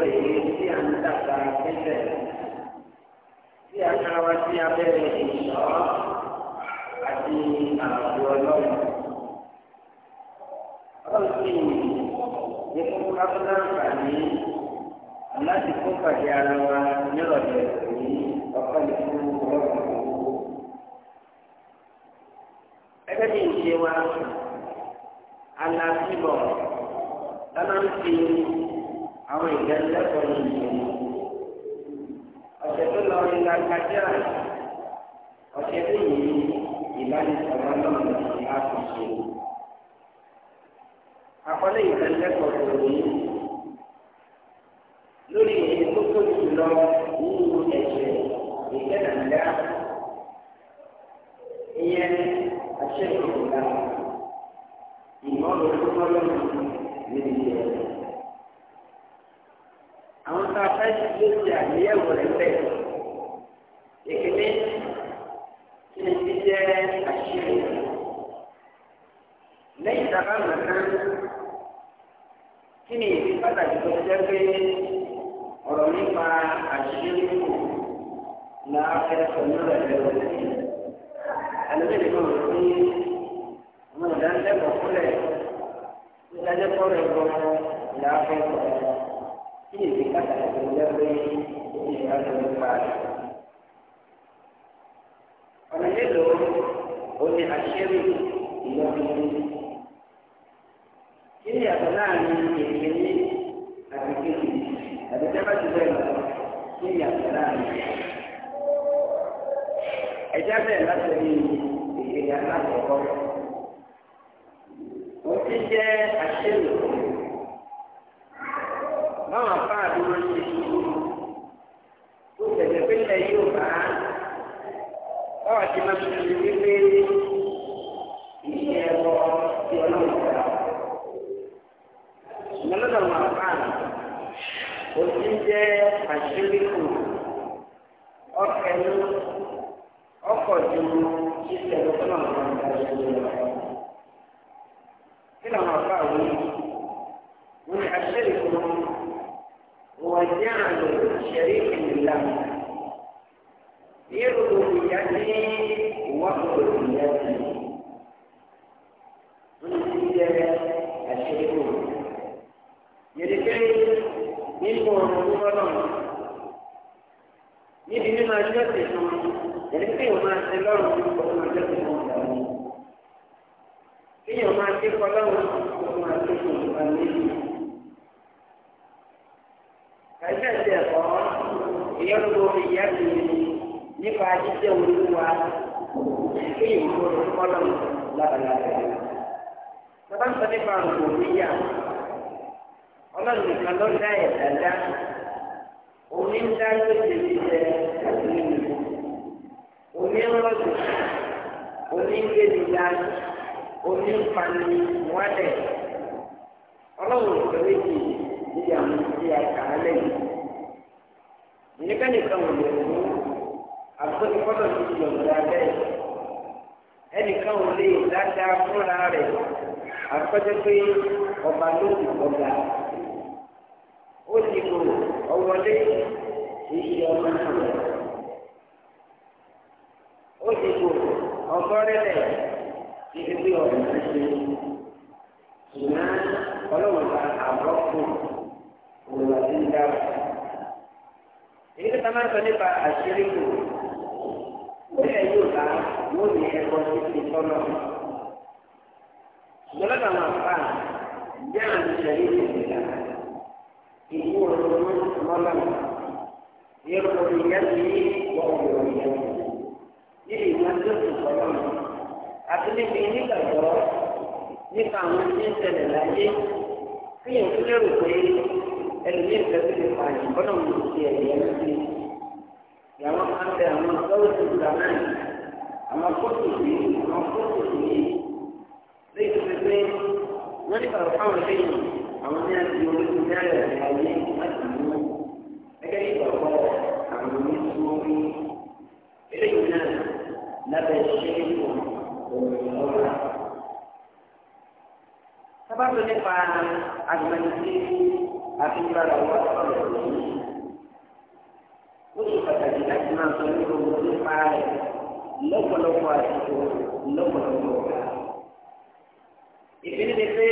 rèé tí a ń dàgbà pẹ́sẹ̀ tí a ká wá sí abẹ́rẹ́ ìṣọ́ àti àbò ọlọ́run. ọlọ́run sì ní fún kábọ́lá àǹfààní láti fún pàdé ara wa nírọ̀lẹ́ òní ọ̀pọ̀ lè fún ọlọ́run owó. ẹgbẹ́ mi ń ṣe wa alábíbọ̀ lọ́nà ń fi àwọn ìdánilẹ́kọ̀ọ́ ní ìlú. ọ̀sẹ̀ tó lọ ní lágbájára ọ̀sẹ̀ tó yìí ìbánisọ̀rọ̀ náà ní àtúnṣe. àkọlé ìdánilẹ́kọ̀ọ́ tó yìí lórí èyí tó tóbi jùlọ nínú ẹ̀jẹ̀ ìkẹ́dàdá ìyẹn àṣẹ ìkọ̀ọ̀dà ìmọ̀lódé mọ́lọ́dún níbi ìyẹn. àwọn tá a fẹ́ ló ti àgbéyẹ̀wò rẹ̀ bẹ́ẹ̀. Èkìní ti jẹ́ àṣírí? Lẹ́yìn ìdábà màkàn, kí ni ìdí pàtàkì tó jẹ́ pé ọ̀rọ̀ nípa àṣírí kù fẹ́ pẹ̀lú rẹ̀ sí? Àlùbẹ́lẹ̀ náà ló ní fúnlẹ̀ ìdájọ́ Ini dikatakan menjadi dikatakan menjadi Karena itu oleh asyiri ia ini ini adalah ini ini ada kiri ada siapa juga ini adalah ini Ejabe láti rí ìgbéyàwó àkọ́kọ́. Ó ti jẹ́ àṣírí òkú báwọn afá àdúgbò ṣe sùúrù ó tẹ̀lé pé yóò bá báwọn ti máa fi ṣe wípé ìṣe ẹ̀rọ ti ọlọ́run gbà. ṣùgbọ́n lọ́dọ̀ àwọn afá ó ti jẹ́ àṣírí kù ọkẹ́nu ọkọ̀ ju ṣíṣe ẹ̀rọ tó náà wọ́n ń bá ṣe lọ. kí ونعم شريك له بربوبيته وحريته الشريك يريكي nínú ọ̀nà tó bá lọ́nà níbi nínú ajọ́ tẹ̀sán ẹni tí yóò máa ṣe lọ́rùn tó kọ́ máa jẹ́ tẹ̀sán ọ̀gá mi tí yóò máa ṣe kọ́ lọ́rùn tó kọ́ máa jẹ́ tẹ̀sán ọ̀gá mi. yẹ́rù ìyẹ́rù nípa jíjẹ́ olúwa kí ìgboro kọ́lọ̀ lábalábẹ́. Bàbá ń sọ nípa àrùn òníyà. Ọlọ́run nìkan ló dá ẹ̀ dáadáa. Omi ń dá lóde jíjẹ àti mímu. Omi ń rọ̀jò. Omi ń gbé ní dání. Omi ń pani wálẹ̀. Ọlọ́run ìfẹ́ méjì níbi àwọn ìdílé àkàálẹ̀ yìí ìyẹn kẹ́nìkan ò lè mú àgbẹ̀tí fọ́tọ̀ tó ti yọ̀ǹda bẹ́ẹ̀ ẹnìkan ò lè dáadáa fúnra rẹ̀ àkọ́jọ́ pé ọba ló ti gbọ̀gà ó ti lò ọwọ́lé ìṣe ọmọ náà ó ti lò ọgọ́rẹ́lẹ̀ ìdílé ọ̀rọ̀ náà ṣe ṣùgbọ́n ọlọ́wọ́n ta àbọ̀kù òun àti ń èyí tó máa ń sọ nípa àṣírí kù bẹ́ẹ̀ yóò bá wọ́n ní ẹ̀kọ́ títí tọ́nà ṣùgbọ́n lọ́dọ̀ àwọn àpá bí àwọn ìṣẹ̀lẹ̀ yìí ti gbà ìlú ọ̀rọ̀ mọ́lá yẹ́rọ ìyá sí ọ̀rọ̀ ìyá ní ìlú tó ti sọ̀rọ̀ àti níbi nígbàgbọ́ nípa àwọn tí ń ṣẹlẹ̀ láyé fíyàn tó lérò pé ẹlòmí ẹ̀ka tó lè fà yìí kọ́nà mi ò ti ẹ̀yẹ ń fi ìyàwó àtẹ àwọn sọ́ọ̀tù ìdáná yìí àwọn fótó yìí àwọn fótó yìí lẹ́yìn tó pé wọ́n ní bàbá fáwọn lẹ́yìn àwọn ní àti olóṣù ní àyè àyè láti mú ẹgbẹ́ ìgbàgbọ́ àwọn oníṣòwò eléyìí náà lábẹ́ ṣe é wọ̀ òmìnira. sábà tó nípa agbára wa sọ̀rọ̀ lónìí. ó ṣe pàtàkì láti máa sọ ní gbogbo nípa rẹ̀ lọ́pọ̀lọpọ̀ àsìkò lọ́pọ̀lọpọ̀ ọ̀gá. ìpínlẹ̀ pé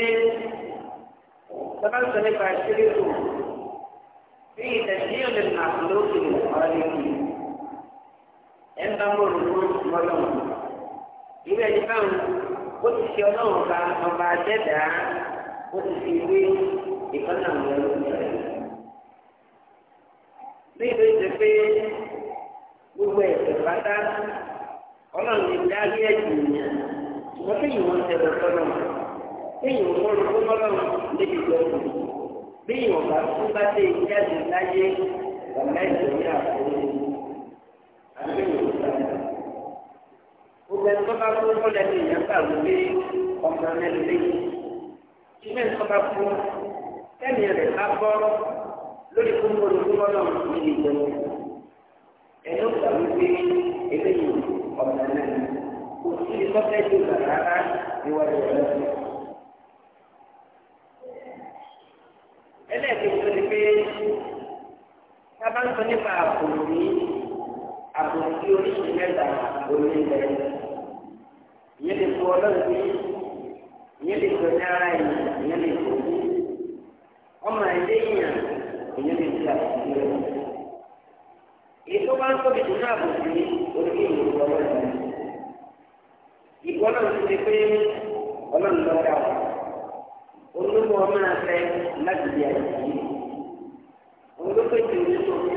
sábà sọ nípa ṣíríkù bí ìtẹ̀sí ọ̀lẹ́ náà lókè ọ̀rọ̀ nìyí. ẹ̀ ń bá mọ̀rọ̀ lórí ọlọ́run. ìwé ẹni báwọn ó ti ṣe ọlọ́run ọba ọba àjẹ́dàá ó ti fi wé ìkan náà lọ ló ń bẹ̀rẹ̀. ní ìlú ìdè pé gbogbo ẹ̀sẹ̀ pátá ọlọ́run lè dá ẹ̀jẹ̀ yẹn wọ́n tẹ̀yìn wọn tẹ̀lé sọ́nà tẹ̀yìn wọn lọ fún ọlọ́run lébi tó kù bí ìwọ̀n bá tún bá tẹ̀ jáde láyé ọ̀la ẹ̀jẹ̀ ní àkókò àgbẹ̀yìn òkúta. gbogbo ẹni bá fún ọlọ́run ìyá ẹni rẹ̀ ká bọ́ lórí kúmọ̀lù kúmọ̀lù ní ìgbẹ́ ẹni ó gbà wípé eléyìí ọ̀nà náà kò sí ìtọ́fẹ́ tó gbà rárá níwájú ọ̀rẹ́ rẹ̀. ẹlẹ́ẹ̀kejì ló ti pé sábà ń sọ nípa àbòrí àbòrí tí oríṣi mẹ́ta omi ilẹ̀ ìyẹn lè fọ ọlọ́run sí ìyẹn lè fọ ní ara ẹ̀yìn ìyẹn lè fọ ní. ọmọ ẹlẹ́yìn èyí lè ṣe àkókò rẹ̀. ètò máa ń tóbi jùlọ àbò sí orí ìlú ọlọ́run. ìbọn náà ti di pé ọlọ́run lọ dà ọ. olówó ọmọ afẹ́ láti di àyè yìí. olóko ti ní tó fi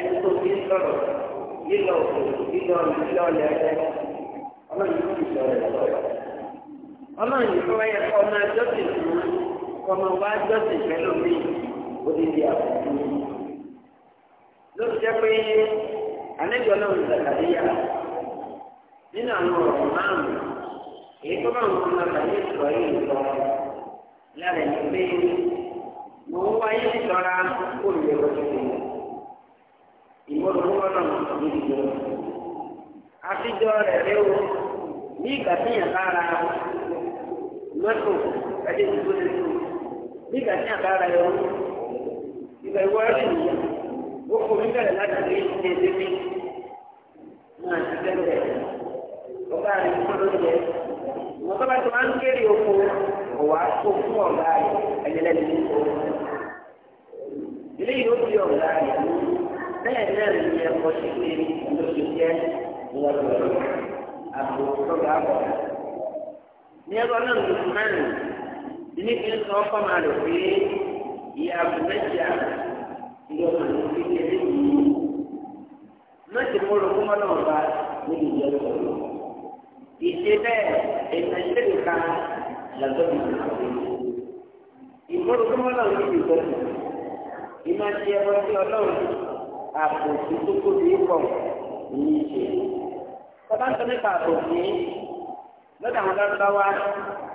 ẹni tó fi lílọ òkè lílọ lílọ ti yìí fọwọ́ yẹ kọ́ ọmọ ẹjọ́ ti kọ́mọ wá jọ́sìn pẹ̀lú mi ó ti di àbùkù mi. ló ti jẹ́ pé àlejò ọlọ́run ìdàgbàdéyà nínú àwọn ọ̀rọ̀ márùn-ún èyí tó bá ń kọ́ máa bàjẹ́ ìṣòro yìí lọ lára ẹni pé mo ń wáyé nítorá kó lè wọlé mi. ìmọ̀lù wọn náà ní ìjọ. àfijọ́ rẹ̀ léwu ní ìgbà tí yàn bá ra mọ́tò ẹ̀dẹ́ ìdúró nínú nígbà tí àbára yọ ìgbà ìwọ ẹrù yìí kò ní bẹ̀rẹ̀ láti rí ṣe ṣe mí ti tẹ́lẹ̀ ọba rẹ̀ kọ́ ló jẹ wọ́n tọ́ba tó máa ń kéré oko ọ̀wá kó fún ọ̀gá rẹ̀ ẹ̀yẹlẹ́ni ní kó ilé yìí ó di ọ̀gá rẹ̀ bẹ́ẹ̀ náà ní ẹ̀kọ́ pé jẹ́ àbò tọ́ba ní ẹ̀kọ́ náà ilé kí n sọ fọmọ rẹ pé ìyá mẹjà ìyá ọmọ rẹ fi kéré yìí mẹjì mo rò fún ọlọ́run bá ní ìjọ ìṣòro ìṣe bẹ́ẹ̀ èèyàn ṣe lè ka lọ́jọ́ ìṣòro ìmọ̀rò fún ọlọ́run ní ìjọ ìṣòro ìmọ̀ ti ẹ̀rọ sí ọlọ́run àpò ìtókò ní ìkọ̀ ní ìṣe. Bàbá ń sọ nípa àpò yìí lọ́dọ̀ àwọn lọ́dọ̀ wá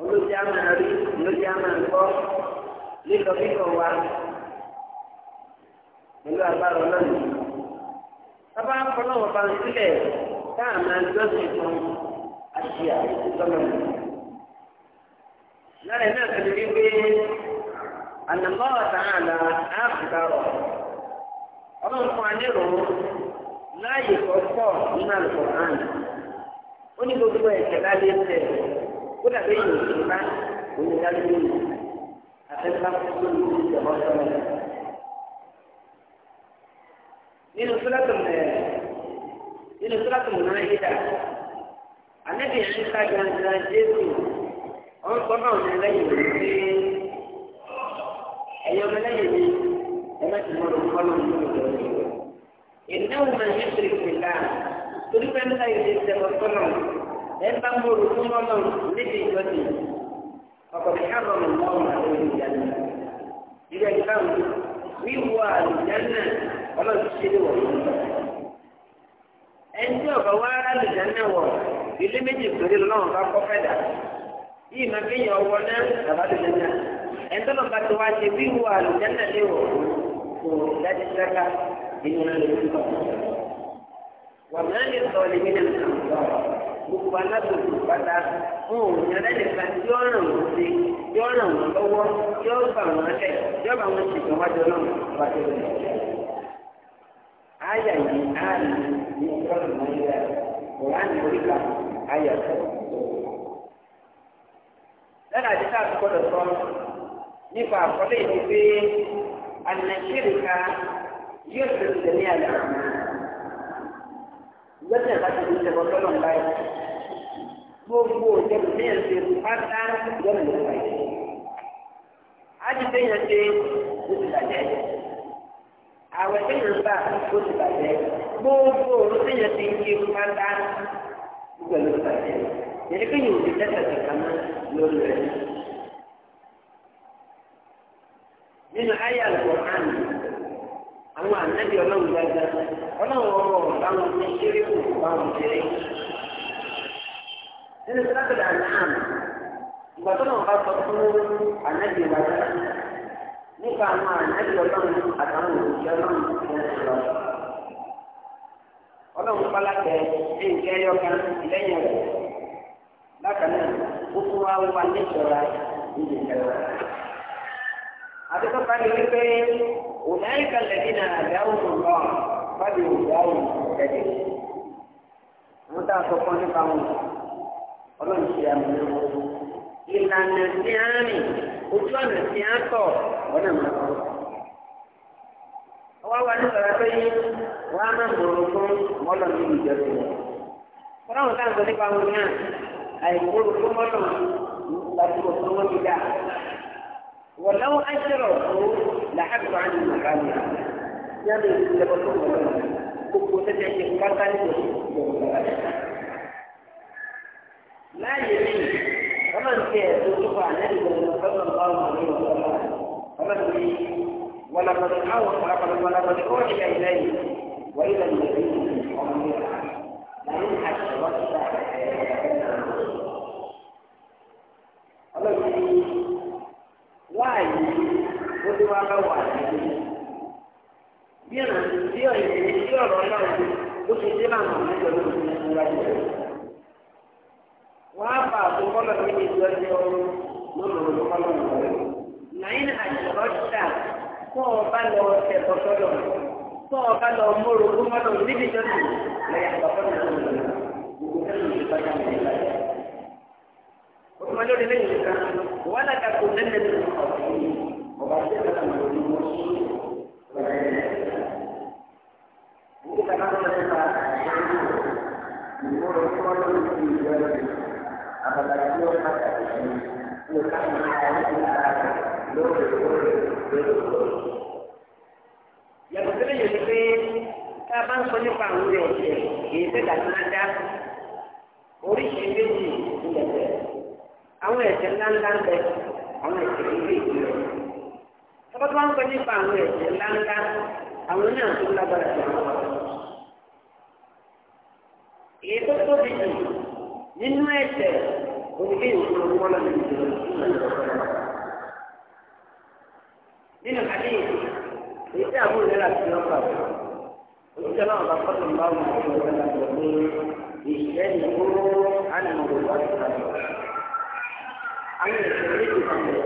olóòtú àmà rí olóòtú àmà ńkọ́ lílọ bíbọ̀ wa pẹ̀lú agbára ọlọ́run. Bàbá akọ́lọ́wọ́ bá ń sílẹ̀ táà máa gbọ́sìn fún àti àìsí tọ́lọ̀. Lọ́rẹ̀ náà kẹ́lẹ́ wípé ànàmọ́ ọ̀tàhàlà àfùkárọ̀. Ọlọ́run fún anírò láàyè kọ́ pọ̀ nínú àlùkò hàn. Ó ní gbogbo ẹ̀kẹ́ lálé tẹ̀ kó dàbí èyí ò bá òun ìyá lóyún mi àfẹ́fẹ́ lórí ìjọba ọ̀sán mi. nínú sọ́dọ̀tò mẹ́rin nínú sọ́dọ̀tò mẹ́rin yíyá ànábì yẹn ń ká gangan jésù ọ̀n kọ́ náà ní ẹlẹ́yìn rẹ̀ pé ẹ̀yọ́ ẹlẹ́yìn mi ẹ̀ má ti mọ̀ lọ́kọ́ náà ní ìjọba ìnáwó máa ń yẹ kiri kiri torí pé ń ká ìdí ìjọba ọ̀sán ẹ̀ka mọ̀rù fún ọlọ́run níbi ìjọsìn ọkọ̀ bí hàrọ̀mù ọ̀hún àlejò ìjànà ìjọ ìbáwò wíwọ àlùjánà ọlọ́run ṣe lè wọ̀ fún ẹni tí ọ̀gá wá àlùjánà wọ̀ ilé méjì péré lọ́wọ́n bá kọ́ fẹ́ dà yìí máa kéèyàn ọwọ́ náà bàbá ẹni tó lọ́ba tó wá ṣe wíwọ lè wọ̀ kò dájú ìnira lè gbogbo alágbègbè pátá ń ò yàn lẹ́yìn kan tí ó sí tí ó ràn lọ́wọ́ tí ó gbà wọ́n lẹ̀ tí ó bá wọn wájú ọlọ́run wá tó lẹ̀. àyà yìí àárín ní ìtọ́jú nàìjíríà kò wá ní orí kan tó. lẹ́nu àdìsá àtúkọ̀dọ̀ sọ nípa àkọlé yìí pé ànàkìrìkà yóò ṣe tẹ̀lé àlàmà. lọ́sẹ̀ ìbáṣẹ̀ ló ń tẹ̀wọ́ lọ́nà báyìí gbogbo ìjọba ní ẹ̀sìn pátá lọ́nà ló báyìí. ájúté yẹn ṣe ó bàjẹ́ àwẹ̀ tí yẹn gbà ó bàjẹ́ gbogbo òru tí yẹn ti ń pátá gbogbo ló ti bàjẹ́ yẹn kí yìí ò ti mọ́ lórí rẹ̀. nínú ayé hàn mí. àwọn ànábì ọlọ́run dáadáa ọlọ́run ọmọ báwọn ti ṣeré kù báwọn ṣeré. nínú sábẹ̀dà náà ìgbà tó náà bá sọ fún ànábì ìwádà nípa àwọn ànábì ọlọ́run àtàwọn òṣìṣẹ́ ọlọ́run ń sọ. ọlọ́run pálákẹ́ lẹ́yìn rẹ̀ bákan náà gbogbo wa wà àti tó أولئك الذين هداهم الله فبهداهم مهتدين متفق قوم ọlọ́run ṣe àmì ìlànà tí a rìn ojú ọ̀nà tí a tọ̀ ọ̀nà màá ọwọ́ wa ní sọ̀rọ̀ pé wà á máa mọ̀rọ̀ fún mọ́lọ̀ nínú ìjọba rẹ̀ fọlọ́run táwọn ولو أشركوا لحق عن مقام يعني لو كنت تدعي قتل لا يمين فمن كيف عن النبي صلى الله عليه وسلم فمن ولقد أوحى ولقد أوحي إليه وإلى النبي صلى الله عليه وسلم لئن أشركت الله wáyé ó ti wá bá wà lẹ́yìn. bí ọ̀nà tí ọ̀yẹ̀ tí ọ̀rọ̀ náà ti ó ti dé láwọn ọ̀nà ìjọba tó ti ń wáyé rẹ̀. wọ́n á bá àkókò lọ sí ìjọ ti ọrùn lọ́nà olùkọ́ lọ́nà rẹ̀. nàìjíríà àjọyọ̀ ṣà kó o bá lọ ọ̀sẹ̀ tọ́tọ́lọ̀ kó o bá lọ mọ́rọ̀ kó mọ́tò níbi ìjọsìn lẹ́yìn àkọ́kọ́ ولا تكونن من المخاطرين وبعدين انا بقول وإذا كان هناك يقول كل في جلده أبدا يقول حتى يقام حياته على لوح الوجه yàtọ̀ sílẹ̀ yẹn ti pé tá a bá ń sọ nípa àwọn ọ̀rẹ́ ọ̀sẹ̀ kì í ṣe dàgbà dá oríṣiríṣi méjì ìpínlẹ̀ bẹ́ẹ̀. àwọn ẹ̀jẹ̀ ńláńlá ń bẹ àwọn ẹ̀jẹ̀ ilé ìgbìmọ̀ tọ́ba bá ń pẹ́ nípa àwọn ẹ̀jẹ̀ ńláńlá àwọn náà tó lágbára jù èyí tó tóbi jù nínú ẹ̀jẹ̀ nínú èyí tí àwọn wọ́n náà bá fọ́tò ń bá wọn ìṣẹ́ ìgbóró àti àwọn èso méjì kan lọ.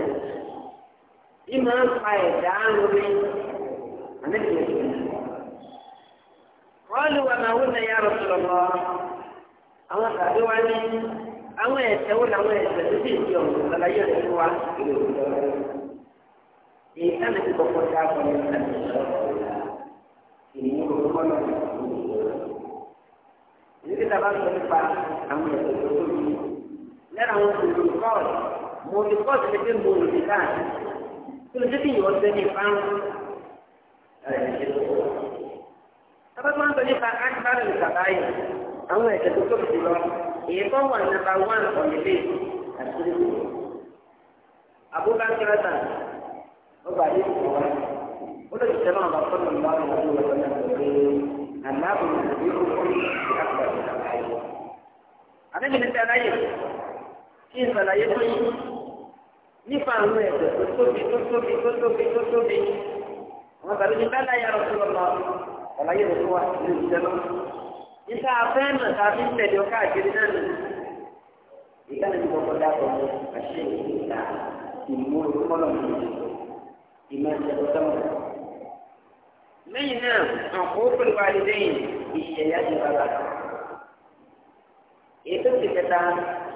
Ìmọ̀ ń pa ẹ̀dá lórí àmẹ́kì Wọ́n lè wà máa wúna ya rọ̀sọ̀rọ̀ mọ́. Àwọn tàbí wá ní àwọn ẹ̀sẹ̀ ẹ̀sẹ̀ tó sì di Èyí sáà ìlú. sọ nípa àwọn ẹ̀sẹ̀ tó tóbi. lára àwọn olùkọ́ọ̀lù mo ti kọ́ sí pé mo lè káàdì kí ló dé bí ìwọ ṣe ní ìparun abájọ́ ń sọ nípa ákíbárò ìgbàgbá yìí àwọn ẹ̀jẹ̀ tó tóbi jù lọ èyí tó wà nàbà wán ọ̀nìlé àti àbúrò àkìrẹ́tà ọgbà yìí kò wá ó lè jẹ́ náà lọ́kọ́ lọ́nà lọ́wọ́ àwọn olùkọ́ náà tó gbé kí n sàlàyé tó yí nípa àwọn ẹ̀sẹ̀ tó tóbi tó tóbi tó tóbi tó tóbi àwọn tàbí ní bẹ́ẹ̀ láyà rọ̀ tó lọ sàlàyé rẹ̀ fún wa ní ìjẹ́ lọ. Níta afẹ́ nà tàbí tẹ̀lé ọkọ̀ àjẹrí náà nì. Ìgbàlè ní wọ́n kọjá tó lọ àṣẹ ìgbà ìmú ìkọlọ̀ mi ìmọ̀ ìjẹ́bọ̀ sọ́mọ̀. Lẹ́yìn náà, àkókò pẹ̀lú àlejò yìí ìṣẹ̀lẹ̀ àjẹbàbà. Ètò ìkẹta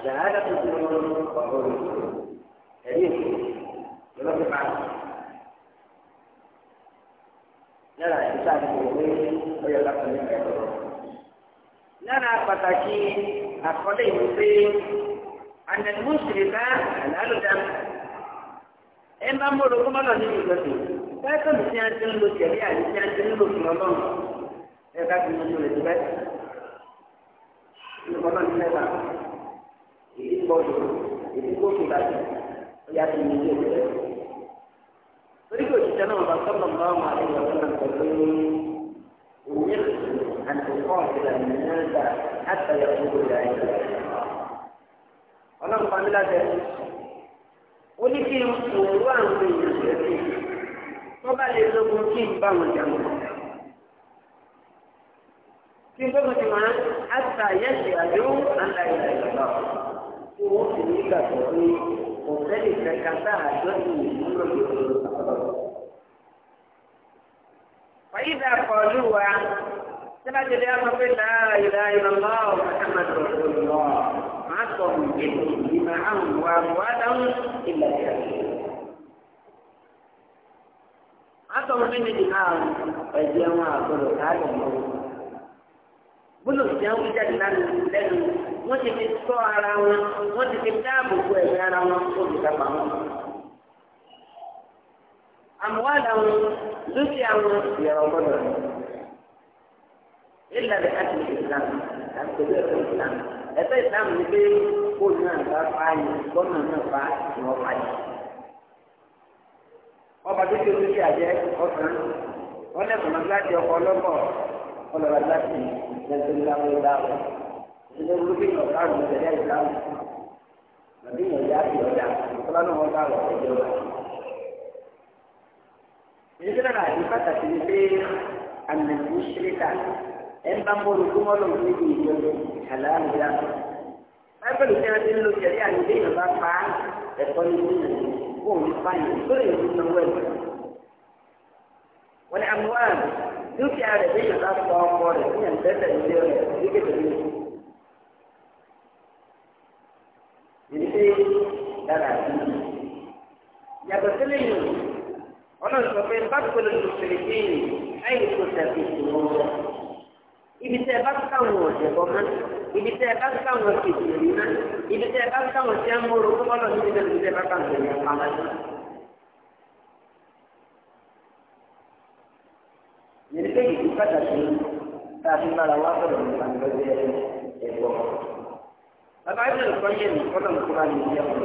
شهادة الظلم وقول الظلم دليل يرد معه لا لا إنسان يقول ويلقى منك lára pàtàkì àkọlé ìlú pé ànàlì mùsùlùmí bá àlálù dá ẹ bá mọ̀rọ̀ kó má lọ nínú ìjọsìn báyìí tí a ti ń lo tẹ̀lé àti tí èyí kò tó èyí kò tó láti ọyá ti ní ilé ìwé torí kò jíjẹ náà bá sọ́nà bá wà ní ìwà sọ́nà pẹ̀lú òye àtúkọ́ ìlànà ìlànà àtàyà gbogbo ìlànà ọlọ́run pa mí láti ẹni ó ní kí n òwúrọ̀ àwọn èèyàn ṣẹ̀ṣẹ̀ tó bá lè lógun kí n bá wọn jàmọ́ kí n tó ti máa àtàyẹ̀ṣẹ̀ àdéhùn àtàyẹ̀ṣẹ̀ lọ́wọ́. tí wọ́n sì ní ìgbàgbọ́ pé òtẹ́lì kẹta tá a jọ ní ìmúlò yòòrò lọ́wọ́. wàyí dà kọlu wa sábàjẹ́ bí a sọ pé lọ sọ dáhùn ìlà sọ ẹ̀jẹ̀ wọn àgbọ̀dọ̀ lọ́wọ́. gbólóhùn tí wọn jáde lánàá lẹ́nu wọn ti fi sọ ara wọn wọn ti fi dáàbò bo ẹ̀mí ara wọn olùdábà wọn. àmúwádà wọn dúkìá wọn yẹ̀rọ gbọ́dọ̀ ìlànà àti ìlànà àti ìlànà ìlànà ẹ̀fẹ́ ìlànà ni pé náà bá gbọ́nà náà bá ọba tó ti o ọkàn wọn lẹ́kọ̀ọ́ láti ọkọ̀ kọlọba láti lẹsẹlẹ àwọn ìlà rẹ ìdílé olùkí náà bá rẹ lẹsẹlẹ ìlà rẹ àbí ìyẹn yá sí ọjà ìkọlá náà wọn bá rẹ ẹjẹ rẹ. ìdílé náà àti pàtàkì ni pé àmì ìṣẹ́ríkà ẹ̀ ń bá ń bọ́ olùkúmọ́ lòun níbi ìjọba ìṣàlá àmìlá. báyìí pẹ̀lú kí ti ń lo ìṣẹ̀lẹ̀ àmì ìdílé pa ẹ̀kọ́ wọ́n ní àmúwá dúkìá rẹ̀ bí yàrá sọ ọkọ rẹ̀ ní ẹ̀ńtẹ́tẹ̀ ilé rẹ̀ ní kékeré. Ìdílé dára sí i. Yàtọ̀ sílẹ̀ yìí, ọlọ́run sọ pé bá gbọ́dọ̀ lò fèrè dé yìí, láyé kò tẹ̀sí ìṣòro wọn. Ibi tẹ́ ẹ bá káwọn ọ̀jẹ̀ bọ́ mọ́, ibi tẹ́ bá káwọn kìkìrì mọ́, ibi tẹ́ bá káwọn tí a ń mú orúkọ lọ sí ibi tẹ́ bá káwọn ìṣẹ̀lẹ̀ pamọ́. pàtàkì tá a fi mára wá sọ̀rọ̀ nípa ìgbẹ́jẹ́ ẹ̀gbọ́n. bàbá ìbílẹ̀ lọ́kọ́ yé mi kọ́lọ̀ ní kúrò ní ìyá wọn.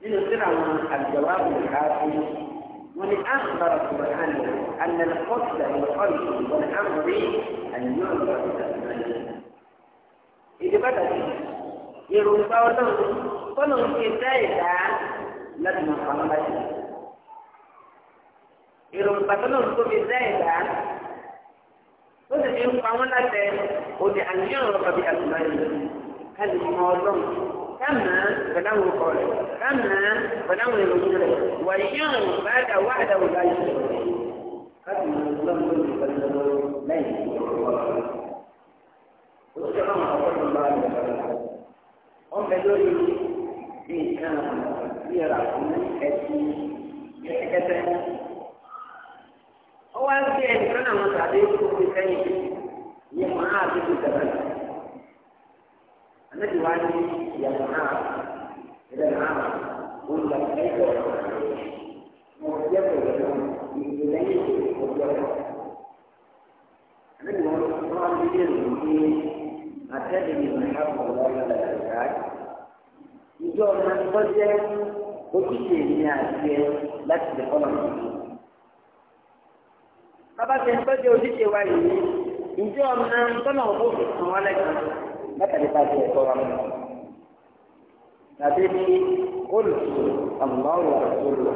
nínú sí àwọn àgbẹ̀wá kò ká sí wọn ni àǹbára kúrò hànà ànàlẹ́ kọ́sìlẹ̀ ìwọ̀kọ́lù wọn ni àǹbára àyíyọ́ ìdí pàtàkì yorùbá ọlọ́run kọ́lọ̀ ń fi dá ìdá láti mọ̀ àwọn bá ti. yorùbá ọlọ́run tó fi dá ìdá ó sì fi ń pa wọn láti òde àníyàn ọ̀rọ̀ kàbí àtúmọ̀ yìí káàdì ìmọ̀ ọlọ́run káàmà pẹ̀lú àwọn ọkọ rẹ̀ káàmà pẹ̀lú àwọn ìròyìn rẹ̀ wà yíyàn báyà wà àdáwò láyé káàdì ìmọ̀ ọlọ́run ló ti pẹ̀lú ọlọ́run lẹ́yìn ọ̀pẹ lórí nǹkan bí ẹ̀rọ àkùnrin ẹ̀sìn ẹ̀kẹ́tẹ́ ó wá sí ẹnìkan náà wọn tàbí kókó sẹ́yìn ìyẹn mọ̀ náà tó ti dàgbà lọ. Ànábì wá ní ìyàwó náà ìdá náà ó lọ ẹjọ́ mo jẹ́ pẹ̀lú ìgbìlẹ̀ yìí kò jọ lọ. Ànábì wọn wá ní ilé ìlú ní àtẹ́lẹ̀ ìlú ìhàbọ̀ lọ́wọ́ ìlànà ìjọ ọ̀nà bàbá tẹ̀ ń tọ́jú ojúṣe wa yìí ǹjẹ́ ọ̀nà tọ́nà ọ̀bọ̀ fi kàn wọ́n lẹ́kàn látàrí bá ti ẹ̀kọ́ wa mọ́. tàbí ní olùsù àmọ́wò àtúrò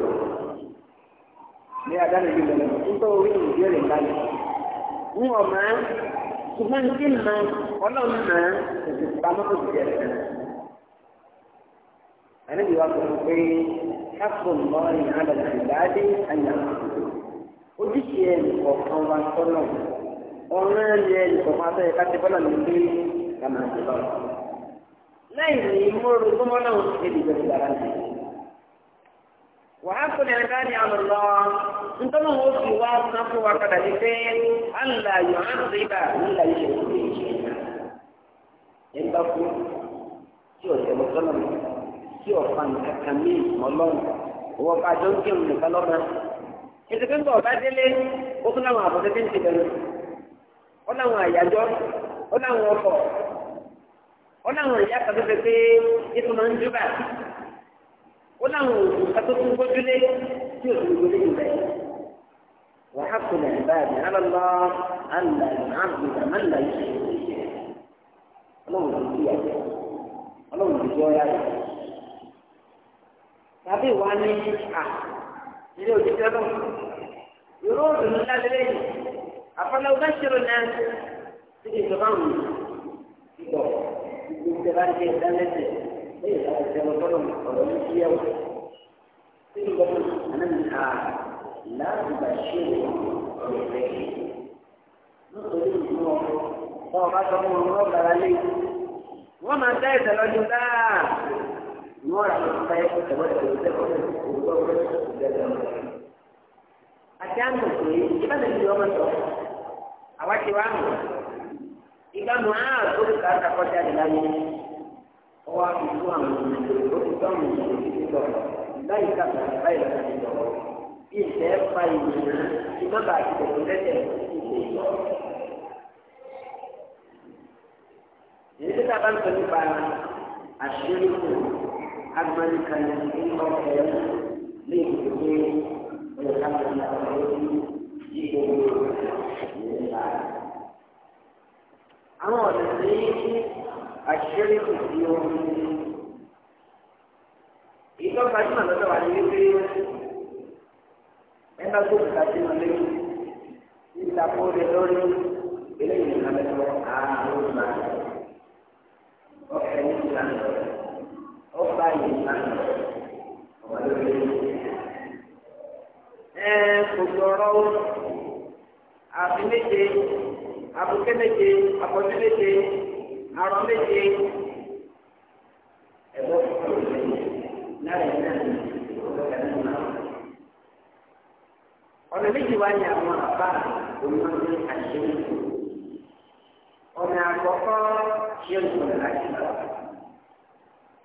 ní adáni yìí lọ́nà nítorí orí ìbéèrè báyìí. ń wọ̀ ṣùgbọ́n kí n mọ ọlọ́run náà èsì pamọ́ kò sì jẹ́ àníbi wa kò pé káfíńmọ́ ìhàlẹ̀ ìdáde àyàn ojúṣe ẹnì kọ̀ọ̀kan wa sọ́nà ọ̀rọ̀ ẹ̀yẹ ẹnì kọ̀ọ̀kan sọ́yẹ ká ti bọ́lá mi pé ká máa ti lọ́wọ́. lẹ́yìn ní mọ́rọ̀ tó mọ́nà òun ti di gbẹ̀rẹ̀ lára ní. wàá kó lẹ́nu káàdì àmọ̀ lọ nítorí wọn fi wá ọ̀sán fún wa padà ní pé àlà yọ̀ á sí ibà nílà yìí ṣe kúrò ìṣe ẹ̀ bá kú tí ọ̀sẹ̀ lọ sọ́nà tí ọ̀fà nìkan kan ní ìmọ̀lọ́run ètò pé ń bọ̀ bá délé ó tún láwọn àbọ̀ tẹ́tẹ́ ń ti bẹ̀rẹ̀ ó láwọn àyájọ́ ó láwọn ọkọ̀ ó láwọn ìyá kan tó fẹ́ pé ètò máa ń júbà ó láwọn òògùn kan tó tún gbójúlé tí òògùn gbójúlé yìí ilé òjijì ọlọ́run irú òdùnnú lálẹ́ yìí àfọlẹ́ ọgbà ṣẹlẹ̀ náà ti di ìjọba wù ìgbọ̀ ìgbọ̀ ìjọba ń gbé ìdánilẹ́sẹ̀ lẹ́yìn ìjọba ìjọba tọ́lọ̀ ọ̀rọ̀ ní ti yẹ̀wò sí ìgbọ̀ ànámìká láti gbà ṣe ọ̀rọ̀ rẹ̀ nítorí ìlú ọkọ̀ bá ọba sọ fún wọn lọ́ọ̀ gbàrà lé wọ́n máa dá ìtẹ̀lọ́jú dáa àti àmì òkè ìbára ìlú ọmọ sọ àwa ti wá mọ ìgbà mọ àá tó ti ká àkọjá ìlà ní ọwọ́ àbùkù àwọn ènìyàn tó ti tọ́ àwọn ènìyàn tó ti tọ́ báyìí kàkà báyìí kàkà ti tọ́ bí ìfẹ́ fa ìgbìmọ̀ tí má bàa ti tẹ̀lé lẹ́sẹ̀ ìfẹ́ ìtọ́. èyí tí a bá ń sọ nípa àṣírí kù. عمن كان يقيم الحياة للجميع ويحمد الله في àwọn ọ̀nà tí àṣírí kò sí ohun ní ìtọ́ka tí màá lọ́dọ̀ wà ní wípé ẹ̀ka tó kùtà sí wọn lé níta kó lè lórí eléyìí nìkan lẹ́kọ̀ọ́ àárọ̀ ìgbà ọ̀kẹ́ ní ìlànà rẹ̀ ọba yìí náà ọba lórí ẹ kò sọ̀rọ̀ àfi méje àbùké méje àbọ̀dé méje àrọ̀ méje ẹ̀bọ̀ fún mi náà yẹn náà ọ̀gá náà ọ̀nà méjì wá ní àwọn àbá onímọ̀ ní ọ̀nà àkọ́kọ́ ṣé ń sọ̀rọ̀ láti náà.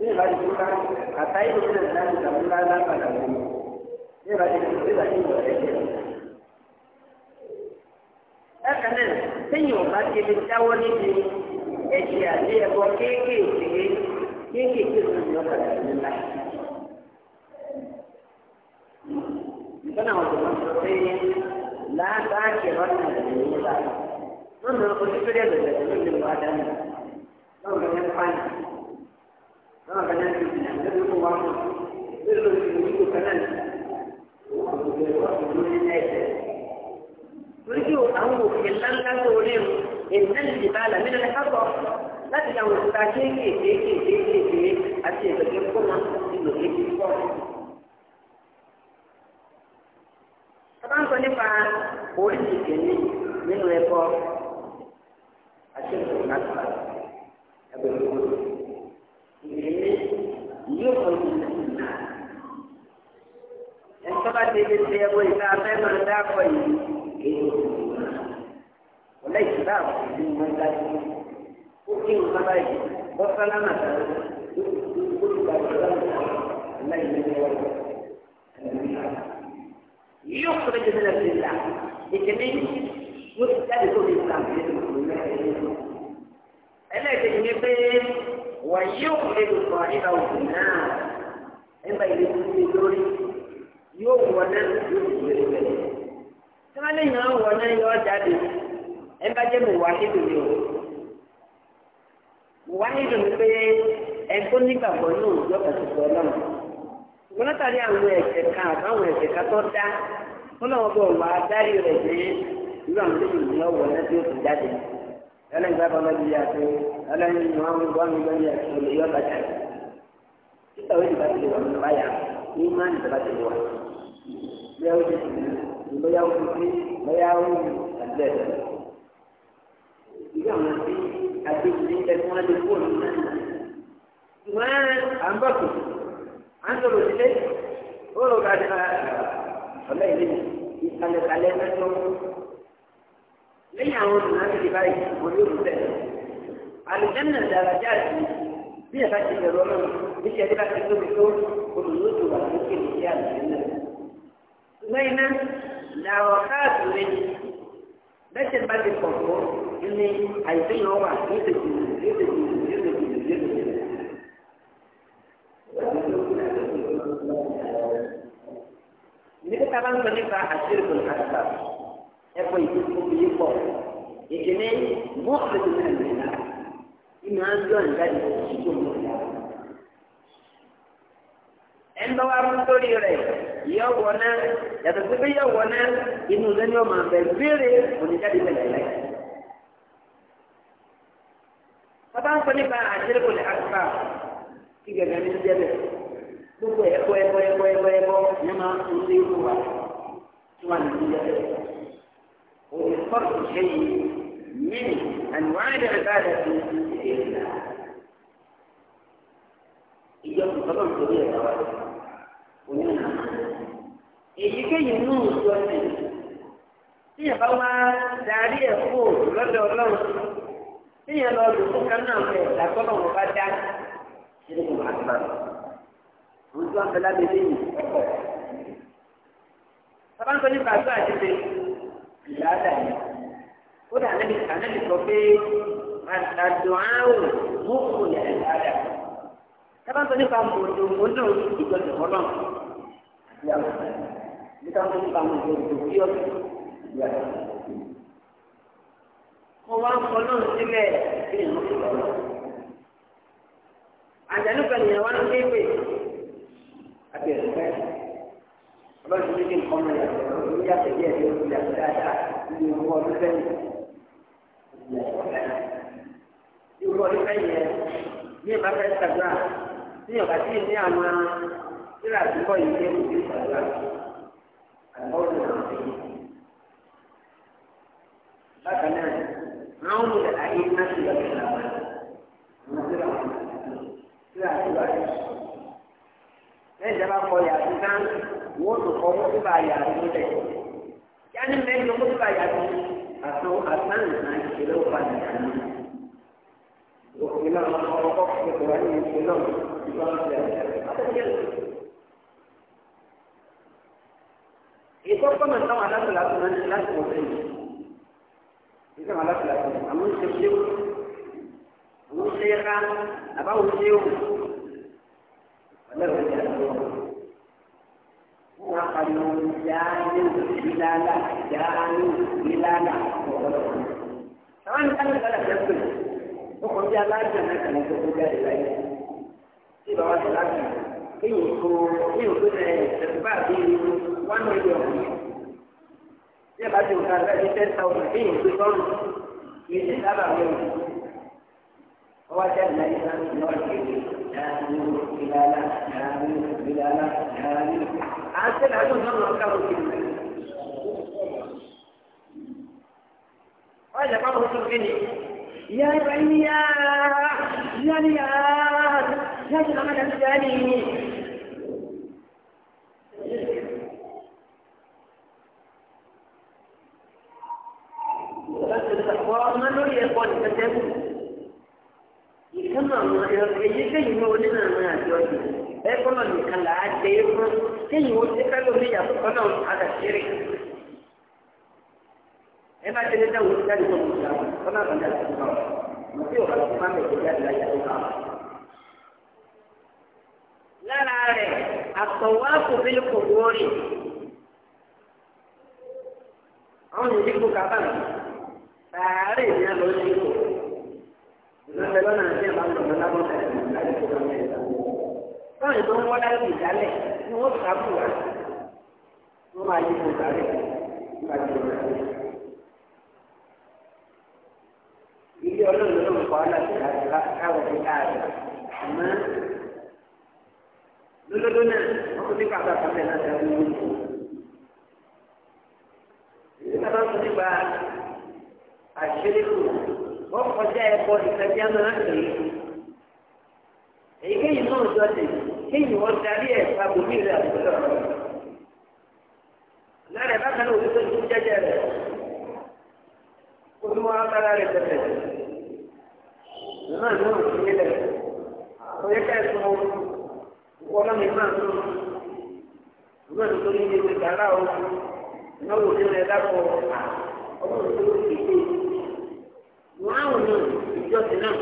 ní ìbáyìí tó ká àtàyè tó tẹ̀lé náà ní ìdààmú ńlá ńlá padà wọ̀ ní ìbáyìí tó tẹ̀lé náà ní ìwọ̀ ẹ̀jẹ̀. Ẹ̀ka náà sẹ́yìn ọ̀bá ti kana náà kàdá ní ìsìn àti ẹgbẹ́ tó wà fún un lórí ìsìn ìlú kàdá ní orí àwọn òfin ńláńlá tó rí o ènìyàn lè dìbà àlà nínú ẹ̀ka bọ̀ láti àwọn òkúta kéékèèké kéékèèké àti ìgbẹ̀gbẹ̀ fún wọn ìlò kéékèèké pọ̀. bá ń sọ nípa oríṣiríṣi ní nínú ẹ̀kọ́ àṣẹ̀kọ̀ láti ẹgbẹ̀rún ìgbìmọ̀ yóò wọ ìlú ìlú. Ẹ̀sọ́ bá ti lè ṣe ẹwọ́ ìta mẹ́rin ọ̀dá akọ yìí kéde òkú. Ọ̀lẹ́ ìṣúná àwọn ìlú wọn dájú. Ó kí n bá báyìí bọ́ sálámà tàbí olùgbà ìṣúná ọ̀lá ìlú wọn. Yóò kúrò jẹ́ nílẹ̀ sí ìlà. Ìkíní yóò ti jáde tó lè ta àbí ẹ̀rọ ìlú mẹ́rin. Ẹlẹ́ẹ̀kejì ni pé wàyíò lẹ́nu kan nípa òkú náà nípa ìlú ti lórí yóò wọlé lójú ìwé rẹ̀. tí wọ́n lè yàn án wọlé yọ jáde ẹ bá jẹ́ mùwá nínú mi o. mùwá nínú mi pé ẹ tó nígbàgbọ́ náà yọ kàtúkọ̀ náà. ṣùgbọ́n látàrí àwọn ẹ̀ṣẹ̀ kan àbáwọn ẹ̀ṣẹ̀ kan tó dá wọ́n náà wọ́n bọ̀ wá dárí rẹ̀ ní irú àwọn olóyìnbó náà wọlé bí ó ti jáde ẹlẹ́yìn bá bọ́lá yìí àti ẹlẹ́yìn ni wọ́n gbọ́ mi lórí ẹ̀sìn olè yọ bàjẹ́ títà ó ti bá ti wà nínú báyà ní máa ń tẹ̀lé ti wà bí ó ti ti bóyá ó ti ti bóyá ó ti àti ẹ̀sẹ̀ ìgbà wọn ti àti ìdílé ẹ̀sìn wọn lè kú òun náà wọn à ń bọ̀ kù à ń sọ̀rọ̀ sílé ó lọ ka ọlẹ́yìn ìkàlẹ̀kàlẹ̀ mẹ́tọ́ tí àwọn mùnàfi ti báyìí kò ní òkú bẹ́ẹ̀. àlùjẹ́nà dàrá jáde bí ẹ̀ka ti bẹ̀rù ọmọ mi ṣe ẹ̀dá ti tóbi tó olùyóò tó wà lókè ní ìyá àlùjẹ́nà. ṣùgbọ́n iná làwọn káàtó rẹ̀ bẹ́sẹ̀ bá ti pọ̀ tó ní àìsíyàn wà ní ìdèjì ìdèjì ìdèjì ìdèjì. Ini kita akan menikah hasil berkata ẹ̀kọ́ ìdókòwò yìí pọ̀ ìdílé mọ́ọ̀lù náà nìyà ìmọ̀ àjọ àǹdáyé ìṣòwò nìyà. ẹnbá wa mú lórí rẹ̀ yọ wọ náà yàtọ̀ sí pé yọ wọ náà inú lẹ́ni ọmọ àbẹ̀ béèrè oníjáde bẹ̀rẹ̀ láì. bàbá ń pè nípa àjẹrẹ́kọ̀ ní àgbà kí gẹ̀gẹ́ ní jẹ́ bẹ̀. gbogbo ẹ̀kọ́ ẹ̀kọ́ ẹ̀kọ́ ẹ̀kọ́ ẹ̀kọ́ ní a máa ń sọ sí ìlú wa tí wọ́n á nìyí jẹ́ bẹ̀. وبالفرق شيء من أنواع العبادة في الله إياكم طبعا كبيرة واحدة ومنها èyíkéyìí nù sọ ní tíyẹn bá wá darí ẹ kó lọ́dọ̀ Ọlọ́run tíyẹn lọ lò fún kan náà fẹ làkọlọ wọn bá dá nínú àgbà wọn tó ń bẹ lábẹ́ lẹ́yìn ọkọ. sábà ń sọ nípa àgbà àti bẹ́ẹ̀ ìlàdà yìí ó dà níbi ànábì sọ pé àdùnáwò mọ́kù ní ìlàdà tábà tó nípa mòdò mòdò ìgbọ̀dọ̀ ọlọ́ ìyàwó nípa tó nípa mòdò ìgbọ̀dọ̀ ìyàwó mo wá ń kọ náà sílẹ̀ bí ìlú ìlọ́lọ́ àjálù pẹ̀lú ìyàwó ló dé pè àti ẹ̀sùn pẹ́ẹ́ ọlọ́run ní kí nǹkan mẹ́rin àti ní yàtọ̀ díẹ̀ ní oṣù yàtọ̀ dáadáa nínú owó ọdún fẹ́yìn ìyàtọ̀ ọdún fẹ́yìn yẹn ní ìbá fẹ́ sàgbà ní ọ̀gá tí ní àwọn síra àdúgbò yìí ní oṣù tí sàgbà àgbọ̀ ọdún náà bákan náà àwọn olùdá ayé náà ti lọ sí àwọn síra àdúgbò yìí lẹ́yìn ìjọba kọ yàtú tán wọ́n tó kọ́ mọ́tò bá yàtú lẹ̀. yanni mẹ́jọ mọ́tò bá yàtú àtọ àtàlù náà ìṣẹ̀lẹ̀ ọba nìkan ní. òfin náà máa kọ́ ọkọ̀ kẹ̀kẹ́ wá ní ìṣẹ̀lẹ̀ náà ìṣẹ̀lẹ̀ náà ṣẹlẹ̀ àtẹ̀jẹ́. ìkọ́kọ́ mọ̀ sáwọn aláṣọlá tó máa ń ṣe láti wọ̀ sẹ́yìn. ìṣẹ̀wọ̀n aláṣọlá tó máa ń ṣe ṣe àwọn ṣe ká àbáwọn lẹ́wọ̀n ìjà lọ́wọ́. Wọ́n á lọ jáde ìlànà jáde ìlànà ọ̀pọ̀lọpọ̀. Àwọn nìkan nìkan lè fẹ́ pè é. Ó kàn bí aláàjọ náà kàn ní gbogbo jáde láyé. Tí ìbá wa ti láti kéèyàn kó kéèyàn tó ẹ ṣẹ̀tùbá àbí wọ́n ní ìlú ọ̀hún. Bí ẹ bá ti nǹkan abẹ́ ní ten thousand kéèyàn tó sọ́run kì í ṣe sábà mẹ́rin. Ọwọ́ jáde láyé náà ní ọ̀rọ̀ kéèyàn. هذه بلاله هذه بلاله هذه عاد تلعبون مرة أركبوا كلمة وإذا قالوا تركني يا عيني يا يا يا يا جمال أنساني بس الأخبار ما نريد أخواني فتابوا ìkànnì lára rẹ̀ àtọ̀wá kò fi kò wọ́ọ̀rì àwọn ìdíkù kábàámù tààrí ìyá lọ́ọ́ sí ìgbésẹ̀ lọ́nà ń wọ́n láti ìdálẹ̀ ni wọ́n fi kábù wá wọ́n máa yí fún ìdálẹ̀ nípa ti ìdálẹ̀. ilé ọlọ́run ló ń kọ́ láti ìdálẹ̀ káwọ̀ sí káàdì àmọ́ lólódó náà wọ́n kún nípa àgbàkọ́ mẹ́ta dáhùn ní ìlú. ìdílé bá ń sọ nípa àṣírí kù. wọ́n kọjá ẹ̀kọ́ ìfẹ́jẹ́ máa ń pè é èyíkéyìí náà jọ́sìn kéyìí wọ́n darí ẹ̀ fagomí rẹ̀ àbúrò lára ẹ̀ náà òṣìṣẹ́ tó jẹ́jẹ́ rẹ̀ abára rẹ̀ tẹ̀tẹ̀ wọ́n tó ní ilé ìgbàlá ilẹ̀ dákọ̀ ọmọ wọ́n àwọn náà ìjọsìn náà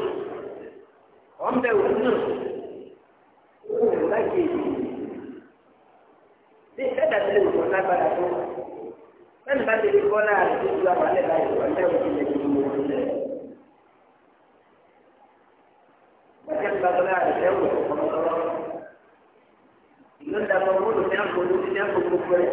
wọ́n bẹ̀ wọ́n náà wọ́n wọ́n láti èyí. bí ẹ̀dá e lè wọ̀ lágbára tó bẹ́ẹ̀ ni bá ti lè kọ́ láàrin tó ju na láyé wọ́n ti lè fi wọ́n lẹ̀. bàtà ń bàbá láàrin lẹ́wọ̀n ọ̀pọ̀lọpọ̀ ìlú ń dàgbọ́ wọ́n lò ní àgbò lórí ní àgbò gbogbo rẹ̀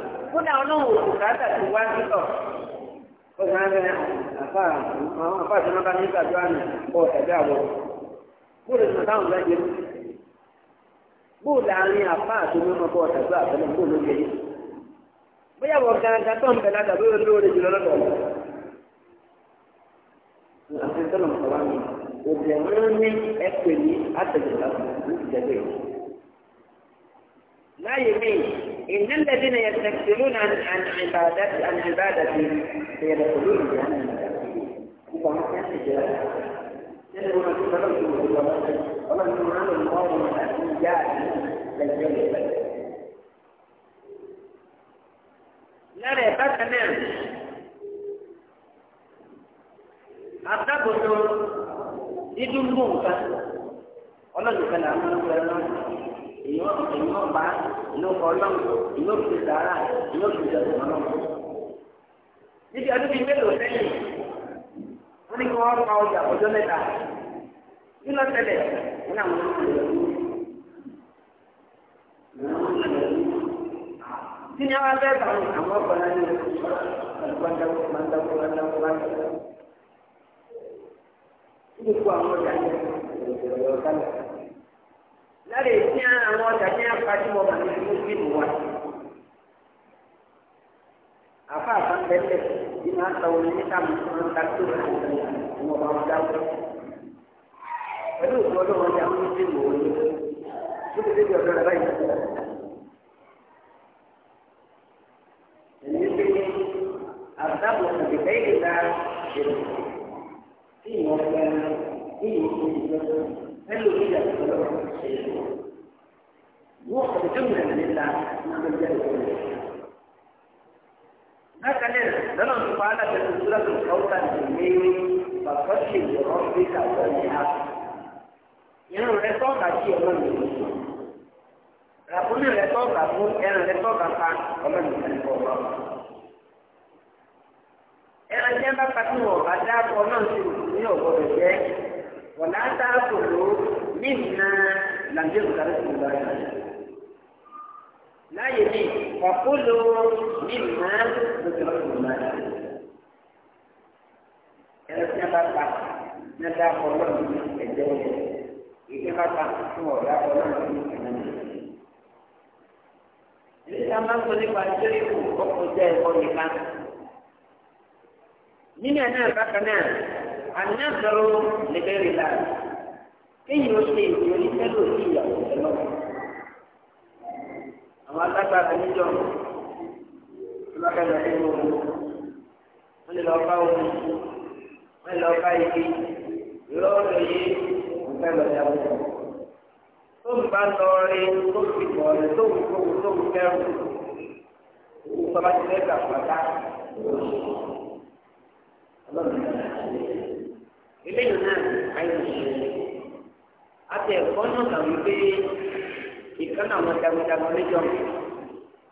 kódà ọlọ́run òkú káàtà tó wá títọ̀ ó sì máa àfà àwọn àfà tí wọ́n bá ní àwọ̀ bóòlù táwọn bóòlù àárín àfà àti bóòlù bóyá wọ tó ń bóyá jùlọ lọ́dọ̀ ọ̀la àti mi wọn ní ní láyé mi. إن الذين يستكبرون عن عن عبادة عن عبادتي سيدخلون جهنم lára ẹ̀ka kan náà akábòtò dídúgbò nǹkan ọlọ́dún kan náà máa ń gbẹ náà èyí wọn èyí wọn bá inú kọ ọlọ́run èyí wọn fi sàárà èyí wọn fi sàárà ọlọ́run. níbi ọdún bíi mélòó sẹ́yìn wọ́n ní kí wọ́n pa ọjà ọjọ́ mẹ́ta kí ló tẹ̀lé wọn àwọn ọmọ ìlú kí ni àwọn abẹ́ẹ̀ bá àwọn ọkọ̀ náà ní gbàndàkọ̀ gbàndàkọ̀ gbàndàkọ̀ gbàndàkọ̀ kí ni kú àwọn ọjà yẹn ọ̀rọ̀ kálẹ̀ lára èsì àwọn ọjà ní apájúmọ̀ wà ní mùsùlùmí wa. àfa àfàǹtẹ̀tẹ̀ tí máa ń sọ̀rọ̀ ní káàmù tí wọ́n ń ta tó rẹ̀ ní ọba wọn pẹ̀lú òkú ọdún wọn jà mùsùlùmí wò ni ó ti débi ọ̀dọ́ rẹ̀ báyìí. èyí ti ní àbúdábò òkùnkùn ìlà ìrìn tí ìwọ̀n fẹ́ràn tí ìwọ̀n fẹ́ràn. هل يريد أن يتبعه الشيء وقد من جل هكذا لما فعل في سورة الكوثر الجميل فصل لربك وليعصر irun rẹ tọ́ka sí ọlọ́run yìí ràpọ́nì rẹ tọ́ka fún ẹran rẹ tọ́ka pa ọlọ́run yìí kọ́ ọ. ẹran jẹ́ bá pàtó ọ̀bá dáàbò sí ní ọ̀gbọ́dọ̀ jẹ́ ولا تأكلوا مما لم يذكر اسم الله عليه لا يجيء وكلوا مما ذكر اسم الله عليه ẹlẹsìn bá ta nígbà ọlọ́run ní ẹ̀jẹ̀ rẹ̀ ìdí bá ta fún ọ̀gá ọlọ́run ní ẹ̀jẹ̀ rẹ̀. Ìdílé máa ń sọ nípa ṣẹ́ríkù ọkọ̀ jẹ́ ẹ̀kọ́ nìkan. Nínú ẹ̀ náà bákan náà ànínàkàrò lẹ́gbẹ̀rẹ̀ láàyè kéyìn ó ṣe èdè oníṣẹ́lò sí ìyàwó ẹ̀rọ. àwọn alágbára níjọ ìlọ́kẹ́lẹ́ nínú òun wọ́n lè lọ bá omi wọ́n lè lọ bá ibi ìrọ́lọ́ yìí kò fẹ́ lọ yàwó. tó ń bá lọ tó fi bọ̀ ọ̀rẹ́ tó ń kó tó ń fẹ́ràn òun tó eléyìí náà àyè ìṣẹ̀lẹ̀ àti ẹ̀kọ́ náà làwọn gbé ìkànnà àwọn jagunjagun níjọ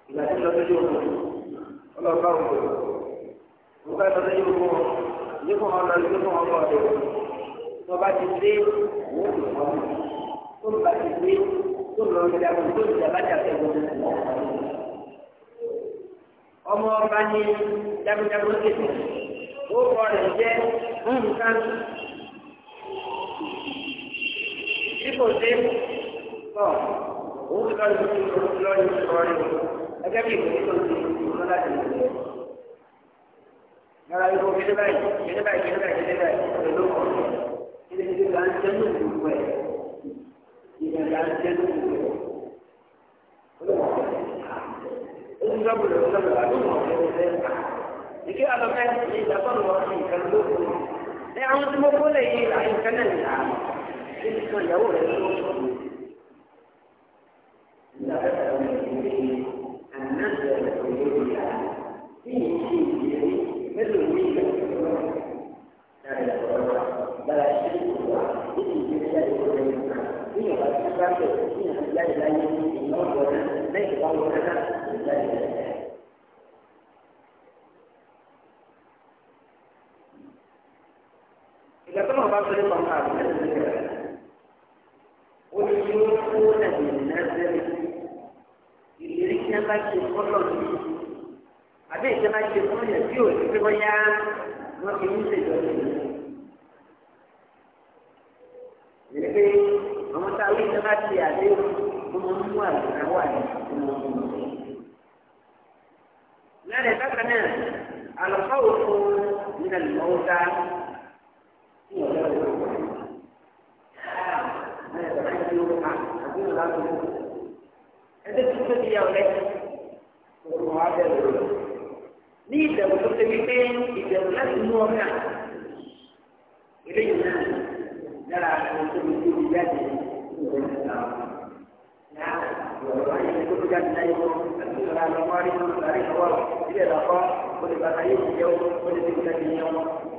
ìgbà tí lọ sójú òkú ọlọ́ọ̀bá òkú òkú ẹ̀ lọ sójú òkú ní fún ọ lọ sí fún ọ lọ sí tó bá ti dé wò ó lọ tó bá ti dé tó lọ sí jagun tó ti dàgbà jàpẹ̀ gbogbo ọmọ ọba ní jagunjagun tètè ó rẹ̀ jẹ́ nǹkan tí kò dé pọ̀ òun lọ ní lọ ní sọ̀rọ̀ rẹ̀ ẹgbẹ́ bí ìwé tó ti lọ láti lè lọ. Yàrá yóò fi dé báyìí, fi dé báyìí, fi dé báyìí, fi dé báyìí, ọ̀rẹ́ ló kọ̀ ọ́. Ilé ìdílé kan ń jẹ́ lóògùn ìlú ẹ̀. Ìgbà kan ń jẹ́ lóògùn ìlú ẹ̀. Olùkọ́ ọ̀rẹ́. Ó ń gbàgbọ́ lọ́wọ́ lọ́wọ́ àdúgbò ọ̀rẹ́ ọ̀rẹ́ لكي أنا ما يستطيع أطلع أن يكلمه يعني ما أقول لي أن يكلمني عنه إنه يقول لا أن نزل كلنا في شيء مثل ميزة لا إله إلا الله بلا شيء لا إله إلا الله لا إله إلا الله طريقة صعبة ويشوفون بالنظر ìrírí ẹ bá ṣe fọlọ ní àbí ìṣe bá ṣe fún yẹn tí ò ní pé bóyá wọn fi ń ṣèjọ sí i. ìrírí pé àwọn tá a wí ìṣe bá ṣe àdéhùn ọmọ mú àgbà wà ní ọmọ mú. lẹ́rẹ̀ẹ́ bákan náà àlọ́kọ́ òfin nílẹ̀ lọ́wọ́ dáa ẹsẹ tuntun ti yà ọlẹ ọmọ abẹ lọrọ ní ìdẹ̀wò tó ṣe wípé ìdẹ̀wò láti mú ọmọ eléyìí náà yàrá àwọn tó ti tóbi jáde ní ìwé nígbà náà yọrọ ayé tó ti jáde náà yọ àti ìlànà lọ́wọ́ rí ní ìlànà ìwọ ilé ìlàkọ olùbàdàn yóò ti jẹun olùdíje ti yẹn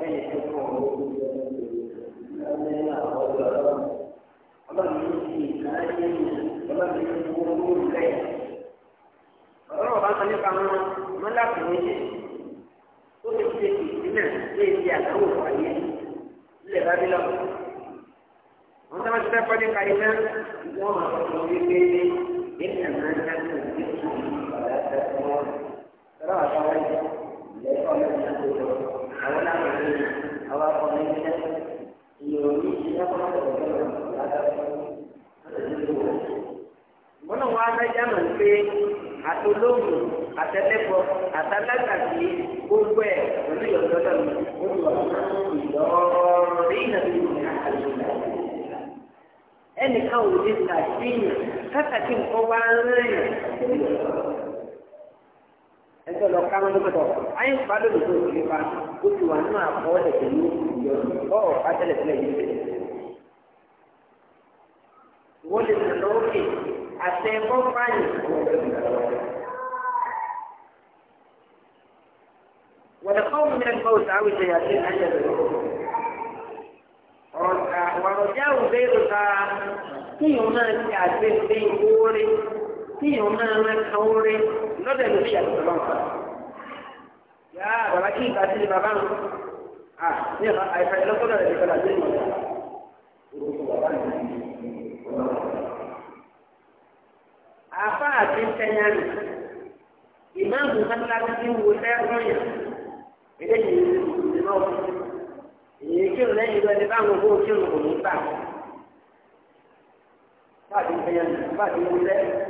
ẹ̀yìn tó kọ ọ ní àwọn ọ̀dọ́ ọlọ́run ọlọ́run ní ti káyé ọlọ́run ní ti wọ́n mú lẹ́yìn. ọ̀rọ̀ ọba kan nípa wọn mọ́láàkì méjì tó fi ṣe ìpínlẹ̀ lé ti àdáwò wáyé mọ́nà wa adájá mọ̀ pé àtolóhùn àtẹlẹ́bọ̀ àtàlágàdì gbogbo ẹ̀ pẹ̀lú ìyọ̀dọ́dọ̀ mi ó lọ ìlọrí ìnàbí mi àtàlùmọ̀. ẹnìkan ò lè tàbí kátàkì nǹkan wá ń rìn ẹjọ́ lọ ká wọn lọ́tọ̀ ayé ń padà lòdò òkèlè pa ó ti wà nínú àkọọ́lẹ̀ pẹ̀lú ìyọ̀nù bọ́ọ̀ pátẹ́lẹ̀ tẹ́lẹ̀ yìí tẹ̀lẹ̀. wọ́n lè sọ̀rọ̀ lókè àtẹ kọ́mpáyì ولقوم من الموت أو الشياطين أن يدعوهم ورجعوا بيرها في هناك أسباب بين tí èèyàn máa ń rán àwọn orin lọ́dẹ̀ lórí ìyàtọ̀ tó bá ń fa. Yá bàbá kí ìgbà sí ni bàbá mi. À ní ọ̀la àìfẹ́ lọ́kọ́dọ̀ rẹ̀ nìkan láti ní ìgbà. Àfa àti Sẹ́yánì, ìmáàmù Mọ́tíláṣí ti ń wo lẹ́rùn yẹn. Èdè yìí ni náà èyí kírun lẹ́yìn lọ ní báwọn owó kírun kò ní gbà. Báàdì Sẹ́yánì, báàdì Mọ́tíláṣí.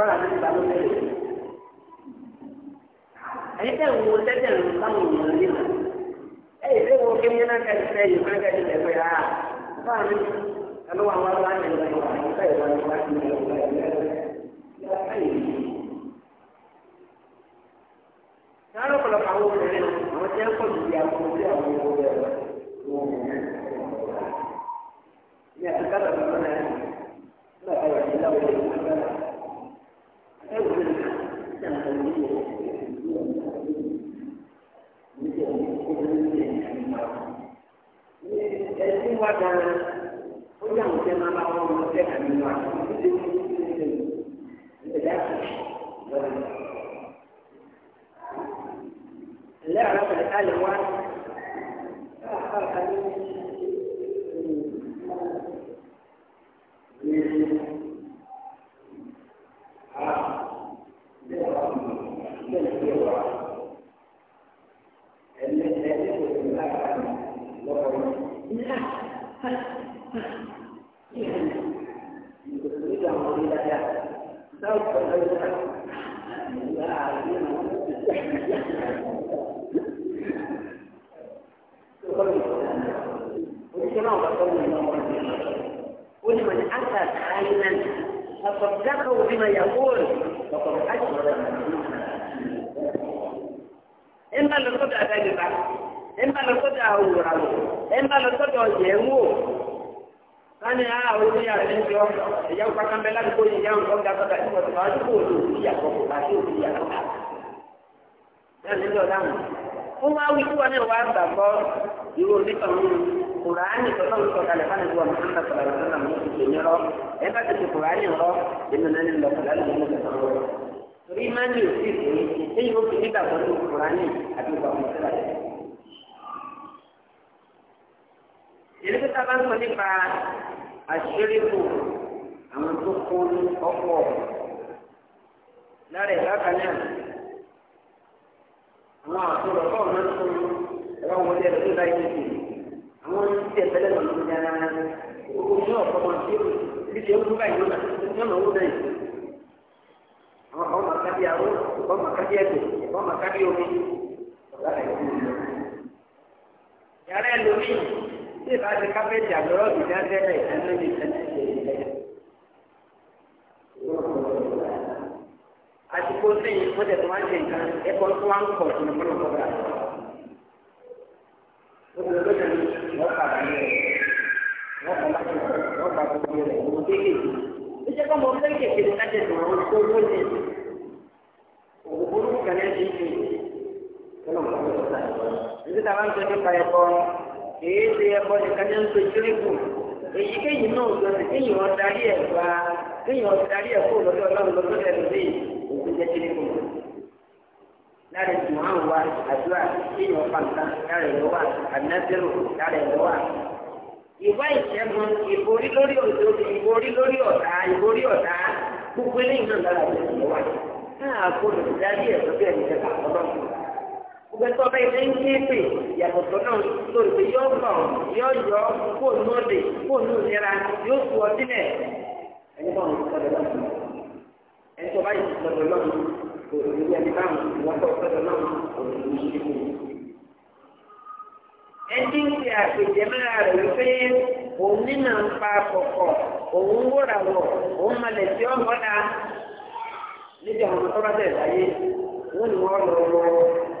ọ̀rọ̀ àná nípa ló bẹ̀rẹ̀. ẹ̀yin tẹ̀ ń wo tẹ́tẹ̀ ń báwọn ènìyàn nílò ẹ̀yin tẹ̀ ń wo kí ní náà kẹ́sì tẹ́ yìí fún kẹ́sì tẹ́ pé ah báà mi wa wá wá ní ìlú ìwà ìfẹ́ ìwà ìwà ìwà ìwà Nyɔnu kplɔ kawo le ne wo tse kɔ didi awo tse awo wo le wo ne ati ka le wo ne ne ka yɔ ti la wo le wo ne la ẹtí wá dára ó yà wá ká lè wá káàkiri. ومن أتى عينا فصدقه بما يقول فقد أشرك إما للخدعة ذلك ẹ má lọ sọ́dọ̀ àwòrán ẹ má lọ sọ́dọ̀ yẹ̀wò sani a àwọn ìwé yàrá ní ìjọ ìyá òkú akamẹ ládùúgbò yìí yàrá nǹkan ga sọ́dọ̀ ìwọ tó bá tó kó olú òbí yàtọ̀ kó bá tó òbí yàtọ̀ yàrá ní ìjọ dáhùn ó wá wí kí wọn náà wá gbàgbọ́ ìwé onítọ̀hún kùránì tọ́tọ́ ń sọ̀kalẹ̀ fún àdúgbò mọ́tàlá sọ̀rọ̀ lọ́sọ̀rọ̀ mọ́ ìṣe ní rọ ẹ bá ti fi kùránì rọ èmi náà ní lọ́kùnrin láti mú ìṣòro torí má ní òsì ìṣòro èyí ó fi nígbàgbọ́ ní kùránì àdúgbò mọ́tàlá èyí tó sábà ń sọ nípa àṣírí kù àwọn tó kó ọkọ̀ lára ìbákan náà àwọn àtúrọ̀ kọ́ ọ̀nà tó ẹ̀rọ wọlé ẹ̀rọ tó láyé nìyí àwọn tẹ̀ tẹ́lẹ̀ lọ́nà tó dára ojú ọ̀pọ̀ máa fi bí ṣe ń dúbà yìí lọ́nà owó náà yìí àwọn kan máa kábí àwọ̀ kan máa kábí ẹ̀dùn kan máa kábí omi lára ìlú yàrá ẹlòmíì tí ìbá ti kábẹ́ẹ̀jì àlọ́rọ̀ ìdádẹ́rẹ̀ ìdáná ní ìtẹ́tẹ́ àti kó sẹ́yìn kó tẹ̀ tó wá ń ṣe nǹkan ẹ̀kọ́ tó wá ń pọ̀ tó ní kọ́nà kọ́ra. ó ti lọ́jọ́ ní wọ́n padà ní rẹ̀ wọ́n padà ní rẹ̀ wọ́n padà ní rẹ̀ wọ́n kéékèèké. ó jẹ́ kó mọ fẹ́ kékeré ká tẹ̀sán àwọn owó ní ní ẹ̀sìn ìfì kọ́nà kọ́ra. nígbà tá a bá ń sọ nípa ẹ̀kọ́ èyí ṣe ẹbọ nìkan ní ń pe kíríkù náà ò lọsẹ kéyìn wọn darí ẹ gba kéyìn wọn darí ẹ kó lọ́dọ̀ Ọlọ́run lọ́dọ̀ ẹnu bíi òkú àdúrà kéyìn wọn ìwá ìṣẹ́gun ìborí lórí ìborí lórí ọ̀tá ìborí ọ̀tá gbogbo eléyìí náà lára gbogbo ẹtọ bẹ ilé ń ké pè yàtọ̀tọ̀ náà lórí pé yóò mọ̀ yóò yọ kó nù ọdẹ kó yóò tu ọ sílẹ̀ ẹni bá wọn sọ̀rọ̀ lọ́wọ́ ẹni tó bá yìí sọ̀rọ̀ lọ́wọ́ òní ẹni bá wọn wọ́n tó sọ̀rọ̀ lọ́wọ́ òní ní ìlú. ẹni ń fi àpèjẹ mẹ́ra rẹ̀ wípé òun nínà ń pa kọ̀kọ̀ òun wúra wọ̀ òun malẹ̀ tí ó mọ́ta níbi àwọn tó bá tẹ̀ láyé wọ́n ni wọ́n lọ lọ́wọ́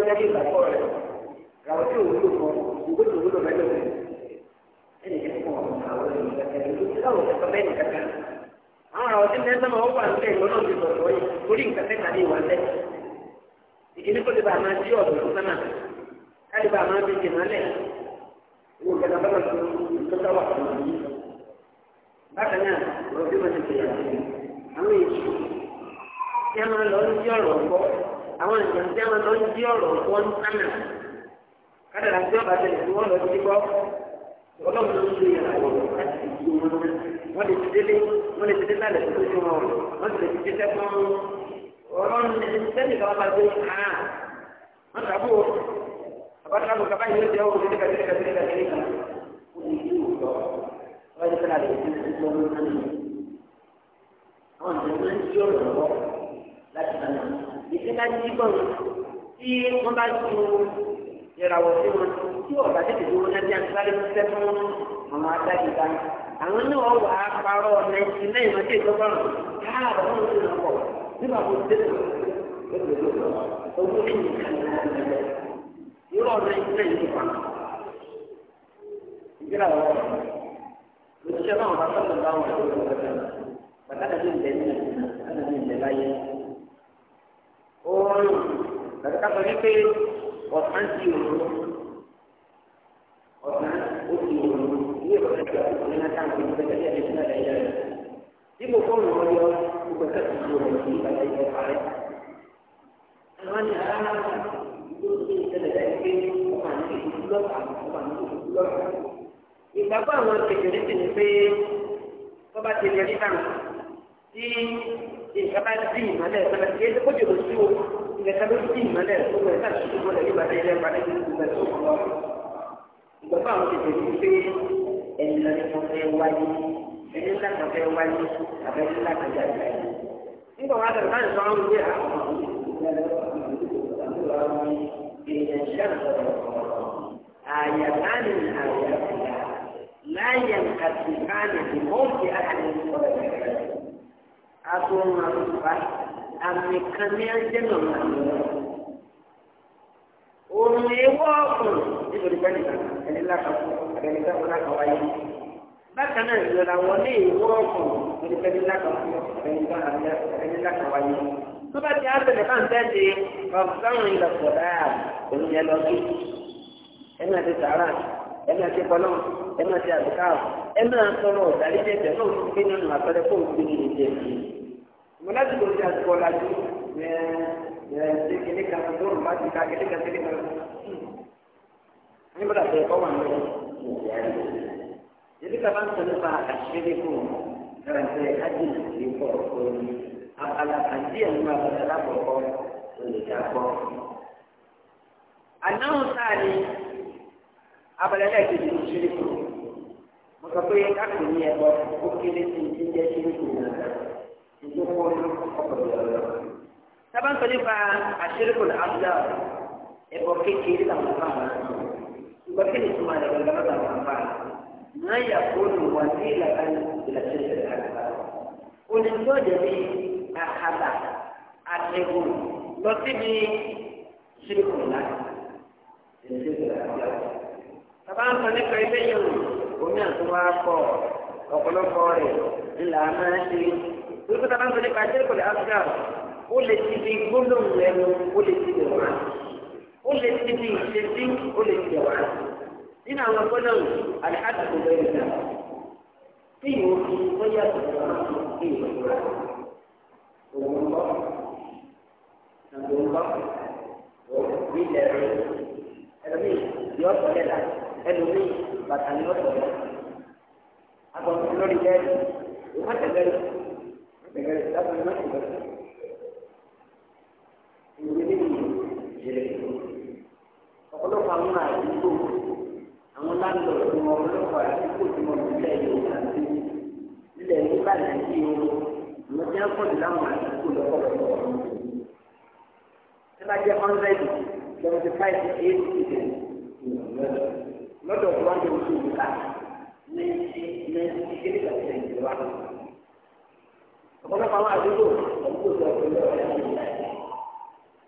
lọ sí ìgbàgbọ́ rẹ̀ ràwọ̀ tí òun lò fún ìwé tó wúlò mẹ́lẹ̀ rẹ̀ ẹnì kan fún àwọn ènìyàn kẹkẹrẹ ló ti láwọn kẹkẹrẹ bẹ́ẹ̀ nìkan kan àwọn ràwọ̀ tí mẹ́ta máa wà nílẹ̀ ìgbọ́nà ti sọ̀rọ̀ yìí torí nǹkan mẹ́ta ní ìwà lẹ̀ ìdílé kó lè bá máa di ọ̀dọ̀ tó sánà káàdì bá máa fi jè mọ́lẹ̀ wò kẹta bá máa tó tó táwà fún mi bákan náà rọ̀ bí wọ́n ti tẹ̀yà àwọn èyí tí a máa lọ sí ọ̀rọ̀ ọ̀gbọ́n àwọn ìjọba tí wọn lọ ń jí ọ̀rọ̀ wọn ń sánà kádàrà tí ọba tẹ́lẹ̀ tí wọn lọ sí gbọ́ ọlọ́run ló ń ṣe ìràwọ̀ láti fi ju wọn wọn lè ti délé wọn lè ti délé àlẹ tó tó wọn wọn sì lè ti tẹsẹ̀ fún ọlọ́run lè ti tẹ́lẹ̀ káwọn gbé ha wọn tàbí o kaba yìí ló jẹ ọ̀rọ̀ kékeré kékeré kékeré kékeré kan ó lè ju ìlọ wọn lè tẹ́lẹ̀ àlẹ tó tó wọn lọ sí àwọn ìjọba ń jí ọ̀rọ̀ lọ ìṣe bá ti bọ̀ tí wọ́n bá ju ìràwọ̀ sí wọn tí wọ́n tètè dúró náà bí a sáré fẹ́ fún àwọn adájú bá àwọn náà wà á parọ́ wọn nígbà tó dé náà bàtà ní láyé. oorun tàbí ká sọ wípé ọ̀sán ti òru ọ̀sán ó ti òru ilé ìwọ̀n ẹ̀jẹ̀ ọ̀sán náà táwọn ìlú pẹ̀lú ẹ̀jẹ̀ ìṣúná ẹ̀jẹ̀ rẹ̀ dípò fóònù wọn yọ gbogbo ẹ̀ka ti di òru sí ìgbà ẹ̀jẹ̀ parẹ́. àwọn ní ara ìlú ti ìṣẹ̀lẹ̀ bẹ́ẹ̀ pé ọkọ̀ àti ìlú lọ́pàá ọkọ̀ àti ìlú lọ́pàá. ìgbàgbọ́ àwọn kékeré ti ní pé tọ́ba ti lè rí nǹkan bá dín ìmọ̀lẹ̀ ìpẹ́lẹ̀ kí ẹ kójú lójú o nǹkan ló dín ìmọ̀lẹ̀ tó wẹ̀ ká ṣubú mọ́lẹ̀ yóò bá dé ilé ẹgbàá lẹ́yìn ìgbà tó kọ́ lọ. ìgbà fún àwọn tètè ní pé ẹni lọ ní mo fẹ́ wáyé ẹni ńlá kan fẹ́ wáyé àbẹ́ ńlá kan agbóhùn àlùfà àmì kan ní ẹjẹ lọ́nà òun ewọ́ ọ̀gùn nítorí bẹ́ẹ̀ nìkan ẹni lákàtún ẹni tó kọ́nà kan wáyé bákan náà ìlera wọn ní ìwọ́ ọ̀gùn nítorí bẹ́ẹ̀ lákàtún ẹni tó kọ́nà ẹni lákàtún wáyé tó bá ti àbẹ̀lẹ̀ bá ń tẹ́sí ọ̀gùn ìlọ̀pọ̀ dáa òun yẹn lọ sí ẹni àti sàárà ẹ máa ṣe pọlọ́ ẹ máa ṣe àbùká ẹ máa sọ̀rọ̀ ọ̀dàlẹ́ jẹjẹ náà ti gbé nínú àpẹẹrẹ fún òfin ní ìjẹ yìí. mo láti lọ sí àsìkò ọ̀làjú ẹ ẹ ṣe kéde kan tó rùn bá ti ka kéde kan kéde kan. nígbà tó ẹ̀kọ́ wà lọ́wọ́ ìdí kaba ń sọ nípa àṣírí fún ẹ̀rẹ̀ǹtẹ̀ ájìnà sí pọ̀ lórí abala àti ẹ̀mú abala lápapọ̀ olùdàpọ̀. àdáhùn sáà ni abalẹ̀ náà ti di ṣírí kù mo sọ pé káàkiri ní ẹ̀gbọ́n ó kéré sí i jíjẹ́ ṣírí kù ìjọ kó ló kọ́kọ́ lọ́wọ́. sábà ń sọ nípa àṣírí kù láàbùdá ẹ̀bọ̀ kékeré làwọn bá wà ṣùgbọ́n kí ni ìtumọ̀ rẹ̀ gbọ́dọ̀ làwọn bá wà. yà fóònù wà ní ìlànà ìlàṣẹ ìṣẹ̀lẹ̀ àgbà. onídọ́jẹ́ bí àhàbà àtẹ̀gùn lọ síbi ṣírí kù láti ẹ̀ṣẹ̀ àgbà bàbá ń sọ nípa ilé yòó omi àtúwá pọ̀ ọ̀pọ̀lọpọ̀ rẹ̀ ńlá máa ṣe wípé bàbá ń sọ nípa ṣé kò lè áfíríkà ó lè ti di gbólóhùn ẹnu ó lè ti dẹ̀ wá ó lè ti di ìṣesí ó lè ti dẹ̀ wá nínú àwọn gbólóhùn àlìhàtì kò lè rìn tí ìwọ fi lọ́yà tó lè wá sí ìwọ òun ń bọ̀ òun òun ń bọ̀ ẹ̀rọ mi yọ ọ̀pọ̀ lẹ́la ẹlòmíì bàtà ni ó sọ̀rọ̀ agbọ̀nsẹ̀ lórí bẹ́ẹ̀ni ìwọ́n tẹ̀lẹ́rì tẹ̀lẹ́rì lábẹ́ ìwọ́n tẹ̀lẹ́rì ìwé nínú ìjìnlẹ̀ ọ̀pọ̀lọpọ̀ àwọn àdúgbò àwọn láńlọ́ọ̀dù wọn ọ̀pọ̀lọpọ̀ àdúgbò tí wọ́n ti lẹ̀ yóò gbà sí ilẹ̀ nígbà náà sí ooru àwọn tí wọ́n pọ̀ jù láwọn àdúgbò lọ́pọ̀lọpọ̀ tí wọ́n bá jẹ́ hundred seventy five eighty percent lọ́dọ̀ tó wá ń òkúta ní ní kékeré kan ìjọba. ọ̀pọ̀lọpọ̀ àwọn àdúgbò àdúgbò tó ọ̀pọ̀ ìlú ọ̀rẹ́ àti ìlú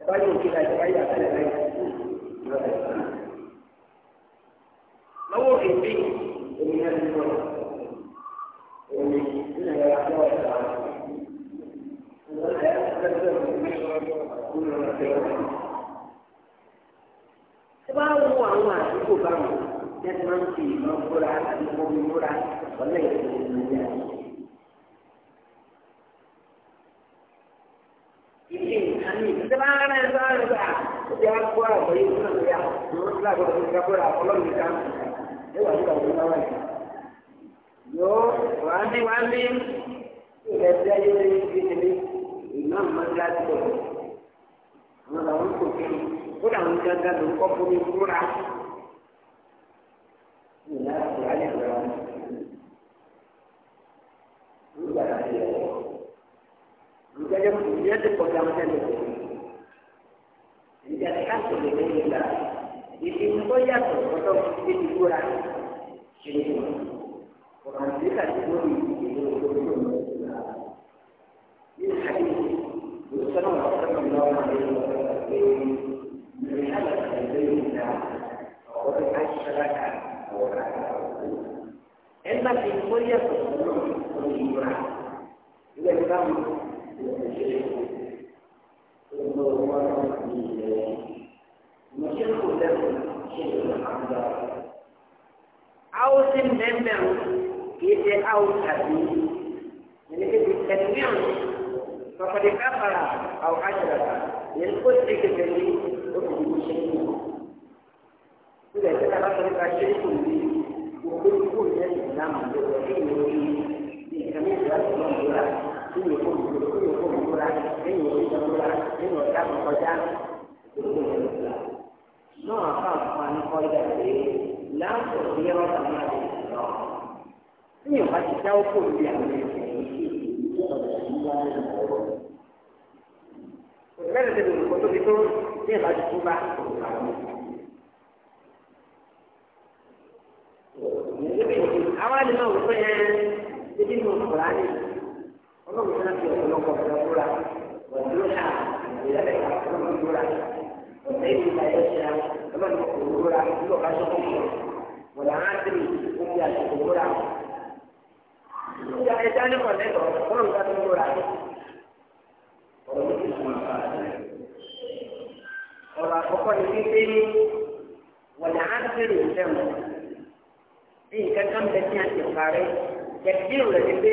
ẹ̀bá yóò kí la ìjọba yóò àtẹ̀lẹ̀ láì lọ́wọ́ èdè ọ̀pọ̀ yìí nínú ìgbà láàbọ̀ tó ga bọ́ra ọlọ́run ìjà ẹ wà nígbà tó náwó ẹ̀. yóò wá ní wá ní ilẹ̀ tí ayé lè fi níbi ìná mọ́tí láti bọ̀. àwọn làwọn kò kí kó làwọn gángan ló ń kọ́ fún mi kúra. ìlà ìlà figura kuanzika kivuli Enda kimkoria kusimama ile kama ndio mwana wa Mungu. Mshiriki ndio mshiriki wa Allah áwòsí mẹ́mẹ́ o kìí ṣe áwòsí àbí ẹni kébi ẹ̀míọ̀n kọ̀kọ̀dé káfàrà àwọn àjàrà yẹn kó ti kékeré ní oṣù tó ṣe ní ìlú. Ilẹ̀ tí a bá sọ nípa ṣe kò ní gbogbo ìkó yẹn ní ìlànà tó lọ sí ìlú orí ní ìkànnì ìlú àti ìlú ìlú kí ni kò ní kí ni kò ní kóra ẹ̀yìn orí ìjọba ẹ̀yìn ọ̀dà kọjá ìlú ìlú náà fáwọn fún wa ní kọjá ìlú láàpọ̀ sí ẹ̀rọ tàbí àwọn ìṣòro tí yóò bá ti dáwọ́ pò sí àwọn ìṣòro lẹ́nu tẹ̀lé olùkọ́ tó fi tó ní ìbájú tó bá àwọn àdìmọ̀ òwúrọ̀ yẹn níbi ní ọ̀pọ̀lánì ọlọ́run náà fi ọ̀pọ̀lọpọ̀ ọ̀pọ̀lọpọ̀ rà wọ́n dúró náà ìrẹ̀lẹ̀ ìgbà tó ń dúró rà èyí ni ìdájọ́ ṣe ra ẹ máa ní òwúrọ̀ ra ìlú ọ̀gá ṣọ́kù ṣọ́ wọ̀lá á tẹ̀lé omi àti òwúrọ̀ ra. ìjà ẹja ní kọ̀ǹtẹ́tọ̀ wọ́n ń bá tó wúrọ̀ ra. ọ̀rọ̀ àkọ́kọ́ ni wípé ní wọ̀lá á tẹ̀lé ìfẹ́mu bí nǹkan kan bẹ ní àti ìparí kẹ̀kí rẹ̀ ni pé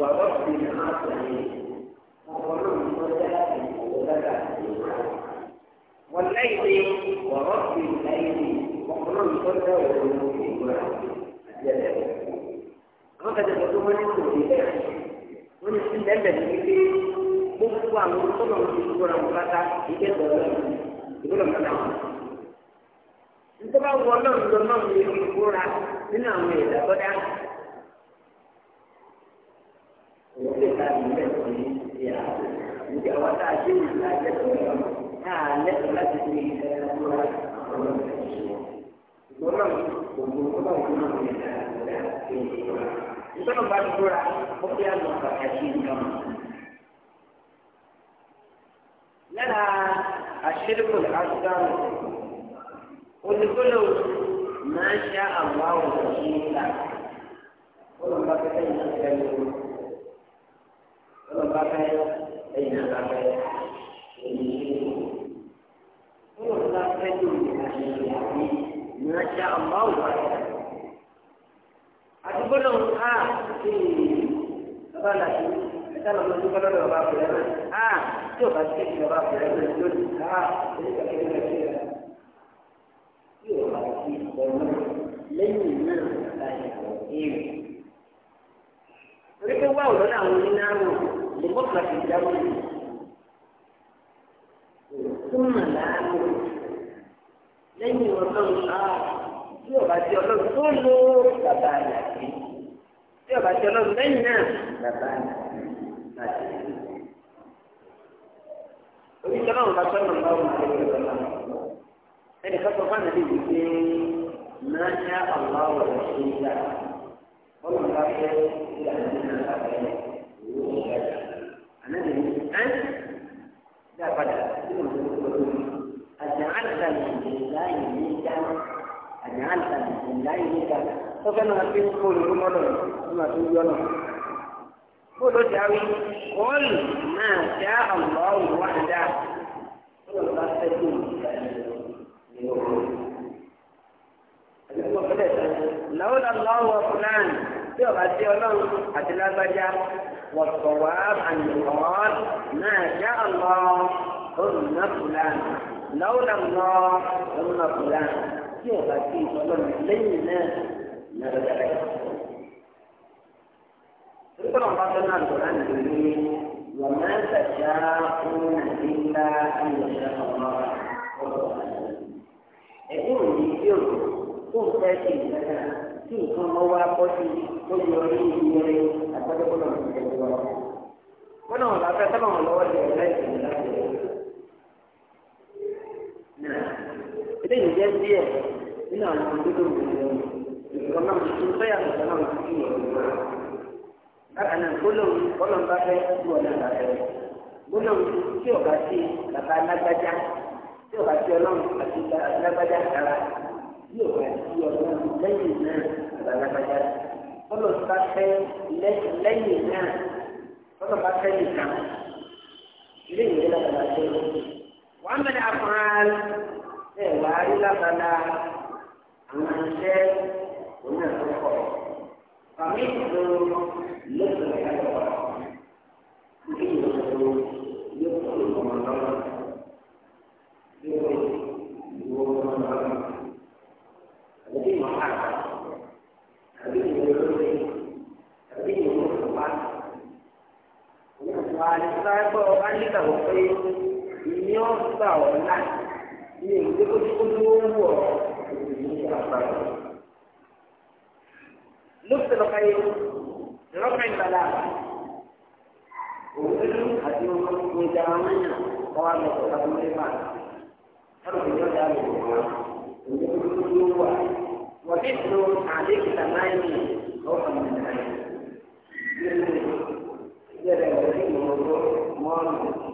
wàá bọ̀ sí ìrìn àmọ́ àtúnyẹ̀ والليل ورب الليل وقرن كل ونوم وقد تكون من wọ́n ti lẹ́lẹ̀ ní pé gbogbo àwọn tọ́lọ̀ ti gbọ́dọ̀ wọn bàtà ìgbẹ́ bọ̀lọ́ ìgbọ́dọ̀ mọ́ta wọn. nítorí àwọn ọlọ́run lọ náà ní ìgbóra nínú àwọn ẹ̀dá bọ́dá. òun lè ta ìgbẹ́ bọ̀lọ́ ní ìyá níbi àwọn tá a ṣe ìgbà jẹ́ bọ̀lọ́ àlẹ́ láti fi ìṣẹ̀lẹ̀ àbúrò àwọn ìṣẹ̀lẹ̀ ìgbọ́n náà ògùn tó náà ògùn náà ìṣẹ̀lẹ̀ àbúrò àti ìṣẹ̀lẹ̀ ìtọ́nà bá ti búra ó fi àlọ́ pàtàkì nǹkan. lára àṣírìkò àgbáwò olùkọ́lò máa ń ṣá àwáwò ìṣẹ̀lẹ̀ olùkọ́ pẹ́pẹ́ ìṣẹ̀lẹ̀ olùkọ́ pẹ́pẹ́ ìṣẹ̀lẹ̀ Masya Allah. Aku belum ah si apa lagi? Kita belum juga ada apa apa. Ah, coba sih apa apa itu. Ah, ini kita kita kita. Yo lagi belum lagi mana orang ini nahu, lembut súnmà láàyè lẹ́yìn ọlọ́run náà tí ọba tí ọlọ́run tó lo bàbá àyàfi tí ọba tí ọlọ́run lẹ́yìn náà bàbá àyàfi láti rí. oníṣẹ́ náà bá sọ́nà bá wù ú lórí ọ̀la ẹnì kan sọ fáwọn ẹbí yìí pé máa ń yá ọ̀la ọ̀rọ̀ sí i dá ọlọ́run bá fẹ́ ìlànà ìlànà àbẹ̀rẹ̀ ìwé ìgbàjà àná لا بد أجعلت لله نيدا أجعلت لله نيدا وكان في كل رمضان كما تقولون قولوا تعالوا قل ما شاء الله وحده قل الله لولا الله وفلان tí ọba tí ọlọ́run àti lágbájá wọ̀sọ̀wá àyùkọ́ náà já ọ̀lọ́ ọ̀nà fúlàní lọ́wọ́lá mọ́ ọ̀nà fúlàní tí o bá ti ìtọ́lọ́mù lẹ́yìn náà lọ́dọ̀ dára yìí. Nítorí wọn bá fẹ́ náà lọ́dọ̀ láti lè ní wọ́n máa ń tẹ̀síá fún ìlà ìlọ̀ṣẹ́ ọmọ ọ̀dọ̀ ẹ̀dín òní tí o lò tó ń fẹ́ ṣe ìdáná tí nǹkan mọ́ wá bọ́ sí tó yọ orí ìyẹrẹ àgbẹ̀dẹ́gbọ́n náà ti tẹ̀síwọ́n. Wọ́n náà wọ́n bá fẹ́ sábà wọn lọ́wọ́ eléyìí jẹ́ díẹ̀ nínú àwọn ọmọdé tó wù ú ìgbà náà tuntun sọ́yà nìkan náà ti kí ìyẹn wù ú. bákan náà gbólóhùn bọ́lọ̀n bá fẹ́ tú ọ̀nà àbàfẹ́ gbólóhùn tí ọ̀gá sí bàbá alágbájá tí ọ̀gá sí ọlọ́run àti alágbájá dára tí ọ̀gá sí ọlọ́run lẹ́yìn náà àbá alágbájá bọ́lọ̀n bá fẹ́ lẹ́yìn náà bọ́lọ̀n bá fẹ́ nìkan eléyìí jẹ́ lábàlá ẹ wà á rí lábala àwọn iṣẹ́ onídàájọ́ àmì ìlú lóṣù ìyàtọ̀ ní ìlú yóò kó ìwọ̀n lọ́wọ́ yóò ìwọ wọn lọ́wọ́ àbí ìwọ̀n àgbà àbí ìwọ̀n lórí àbí ìwọ̀n lọ́wọ́ wà á ní sáyẹ́pọ̀ wá nígbà wọ́pẹ́ ìní ọ̀gbà ọ̀la ilé ìdókòtò owó wọ̀ ìdílé àpáyé. lóṣù lọ́ka yìí lọ́ka ìbàlá òun àti ìjà àwọn ènìyàn ọwọ́ àgbẹ̀ tó ta fún ẹgbà ẹ̀rọ ìjọba àgbẹ̀ ìdókòtò owó wà wọ́n ti tó àdékìtà náà yìí lọ́kàn mi náà yìí. Yẹ́rẹ̀ ìgbésí ìmọ̀lọ́gbọ́ mọ́ọ̀nù.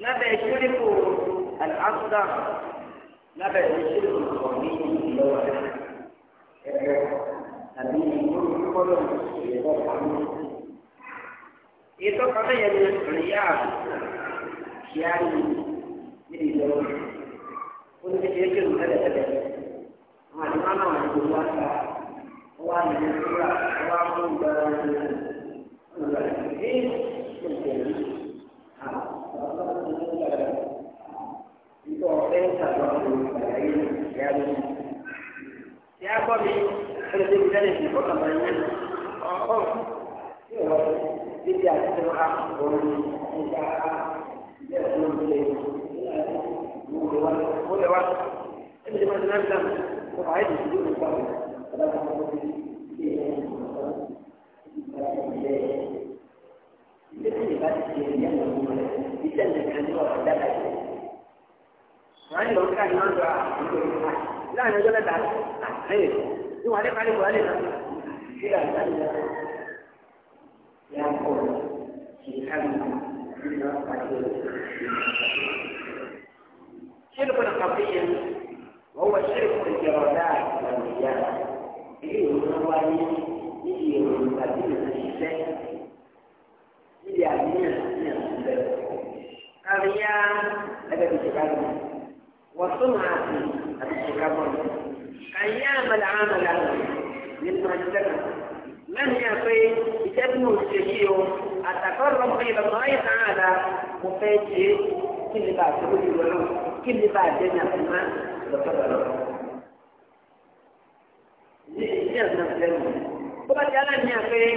lábẹ́ ìṣíríkù àlàáfíà lábẹ́ ìṣíríkù ọ̀gbìn ìlọ́wọ́ ẹ̀rọ tàbí ìmúlùmọ́lọ́ ìrọ̀ pàmò. Ètò kan yẹn ni rìyà kíárì ní ìlọ́wọ́. Ó ní kékeré kí òun tẹ́lẹ̀ tẹ́lẹ̀. Àwọn àti máa náà wọ́n wá ta. Wọ́n wá nínú ìtura, wọ́n wá mú ìgbà wọn ní ìlú. Wọ́n lọ ìṣẹ̀lẹ̀ Itu orang ìdẹ́sẹ̀ ìbá ti ṣe ẹ̀yẹ́ lọ́wọ́ rẹ̀ ìṣẹ̀lẹ̀ kan ní ọ̀rọ̀ dára yìí. wọ́n lọ ká ní wọ́n lọ àkókò ìfà láàrin ọjọ́ mẹ́ta àtẹ́yẹ tí wọ́n á lé parí kọ́ ẹ́ lè nà sí àgbàdo yà kọ̀ kì í ká lù nínú àpàdé شرك قطعي وهو شرك الجرادات والرياء إليه هو يجي من قبيل الشيء Iya, iya, iya. Karya ada di Chicago. وصنعة أبي شيكابون أيام العمل للمجتمع من يقي بتبني الشيء أتقرب إلى الله تعالى مفاتي كل بعد كل العلوم كل بعد جنة الماء وتقرب ليه جنة الماء وقد قال أن يقي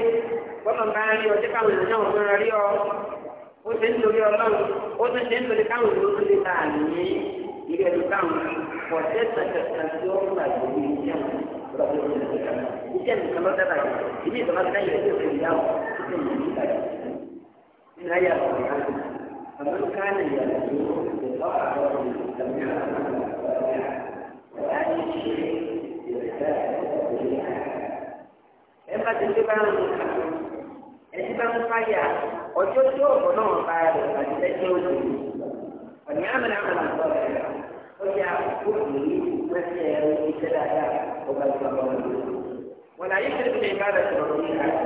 bọ́lá ń rí ọ káwọn èèyàn náà wọ́n rí ọ ó ti ń torí ọlọ́run ó ti ṣe ń torí káwọn èèyàn tó lè tà ní ilé ẹ̀rù káwọn pọ̀ tẹ́ tẹ̀tẹ̀tẹ̀ tí ó ń gbà tó ní iṣẹ́ iṣẹ́ nìkan ló dábàá ìdí ìtọ́lá ti dáyẹ̀ tó ti yá ọ̀ tó ti yìí nígbà yìí nínú ayé àkọ́kọ́ àmọ́ ká ní ìyàrá tó lọ́ àwọn ìtàgé ẹ bá ti dé bá ń lò ẹni bá ń fàyà ọjọ́ tí ọ̀pọ̀ náà bá rẹ̀ àti ẹjọ́ òjò ọ̀nì àmàlà àmàlà sọ rẹ̀ ó yà òkú yìí lọ́sí ẹ̀rọ iṣẹ́ dáadáa ọba ìgbà wọn lò wọn láyé ṣe fi ìgbà rẹ̀ sọ̀rọ̀ ní ìhàjà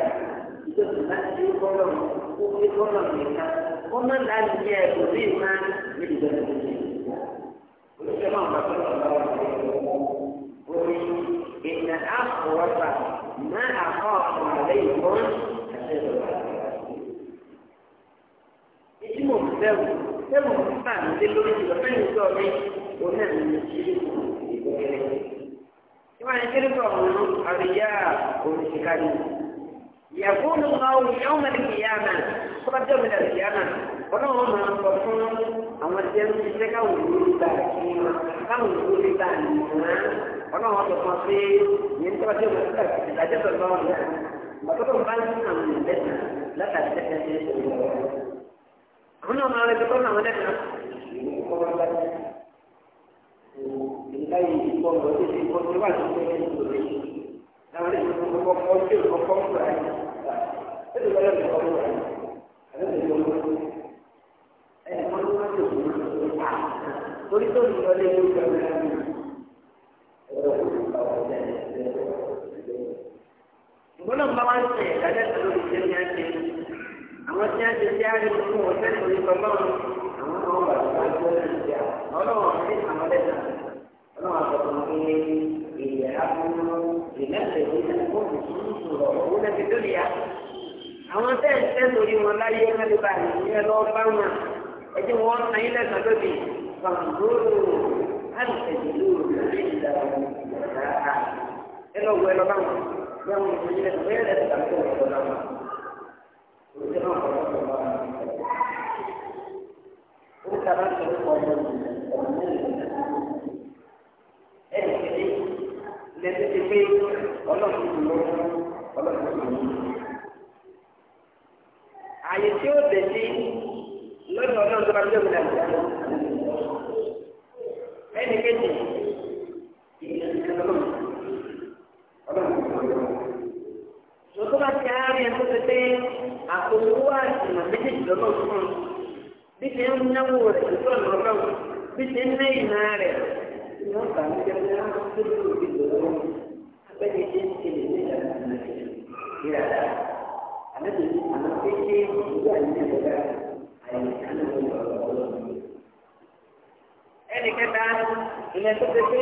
ìjọba láti ṣe kọ́lọ̀ ó fi kọ́lọ̀ nìkan kọ́mọ́ láti jẹ́ ẹ̀rọ ní ìmá ní ìjọba olùsẹ́ náà bá tó lọ́wọ́ bá wà ìdí mò ń bẹ̀rù bẹ̀rù ń bà mí lé lórí ìlọ fẹ́yìn tó mi òun náà mi ti rí ìgbẹ́rẹ́. ìwà ìkéré tó ọ̀hún àríyá òrìṣìkárí. يقول الله يوم القيامة قد يوم القيامة ọlọ́run máa ń sọ fún àwọn tí ẹni ti jẹ́ káwọn ìlú ìgbà kí wọn káwọn ìlú ìgbà nìyẹn ọlọ́run sọ fún ọ pé yẹn tí wọ́n ti wọ́n ti gbà náà ọ̀tọ́tọ̀ àwọn èèyàn lẹ́sìn látàrí tẹ́tẹ́ sí ìṣòro ọ̀rọ̀. àwọn náà máa ń retí kọ́nà àwọn lẹ́sìn lọ sí ti kọ́ níwá tó fẹ́ ní ìlú rẹ̀ láwọn tó kọ́ kọ́ sí òkọ́ kọ́ fún ẹ̀ ẹ̀ ló lọ́yọ̀ lọ́kọ́ fún ẹ̀ ẹ̀ ló lọ́yọ̀ lọ́kọ́ fún ẹ̀ ẹ̀ wọ́n ló wá sí òkú náà torí tó ń lọ lé lórí ọ̀rẹ́ ẹ̀ lọ́wọ́ ìgbọ́nà bá ń sẹ̀ ìdájọ́ tó lórí ìṣẹ́ ní àṣẹ àwọn tí wọ́n ti ṣe àárín fún wọn fẹ́ lórí ọlọ́run àwọn ọmọ bàbá tó ń ṣe ọlọ́run ní àwọn lẹ́sà ọlọ́run àtọ̀tọ̀ ní èyí àbúrò ìlẹ́sẹ̀ ní ẹ̀kọ́ ìṣúnṣù ọ̀hún lẹ́sẹ̀ tó lè yá. àwọn tẹ́ ń lórí wọn láyé mẹ́lẹ́bà ìyẹn lọ bá wọn ẹjẹ́ wọn náà yín lẹ́sàn lóde gbàgbóró àìsèdèlú ìlànà ìlànà ẹ lọ yang menjadi sepeda dan terutama. Ucapan Allah. Ucapan Allah. Eh, jadi nanti tipe Allah itu Allah itu. Ayat itu jadi lọ́dún ọlọ́run tó bá gbé òun dàgbà. Ẹnì kejì, ìyẹn ti kan lọ́dún tó bá ti àárín ẹ̀ tó ṣe pé àpò owó àtìmọ̀ méjèèjì lọ́nà fún un bí ṣe ń náwó rẹ̀ tó tọ̀ lọ́nà náà bí ṣe ń ná ìná rẹ̀ ìwọ̀n bá ń jẹ́ pé wọ́n tó lè lò ìlú wọn abẹ́ni ṣe ń ṣe lè ní ìlànà ìlànà àbẹ́ni àwọn tó ṣe ìgbà yìí lọ́dà àyíká ló ń lọ ọ̀rọ̀ ẹnì kẹta ìlẹ̀ tó ṣe pé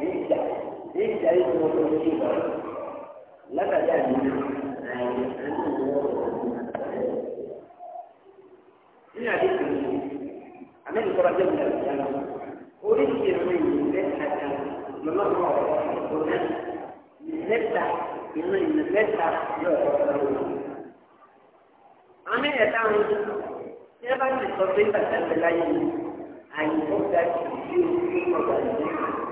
ليش ليش تعيش مصيبة لك يعني من حديث عمل ترى جملة القيامة أريد من فتحة من الله القرآن نفتح من نفتح àmì ẹ̀ta ń ṣe bá ti sọ pé bàtà ń bẹ láyé ni àyìnbó ga jù sí ojú ọgbà ìlú.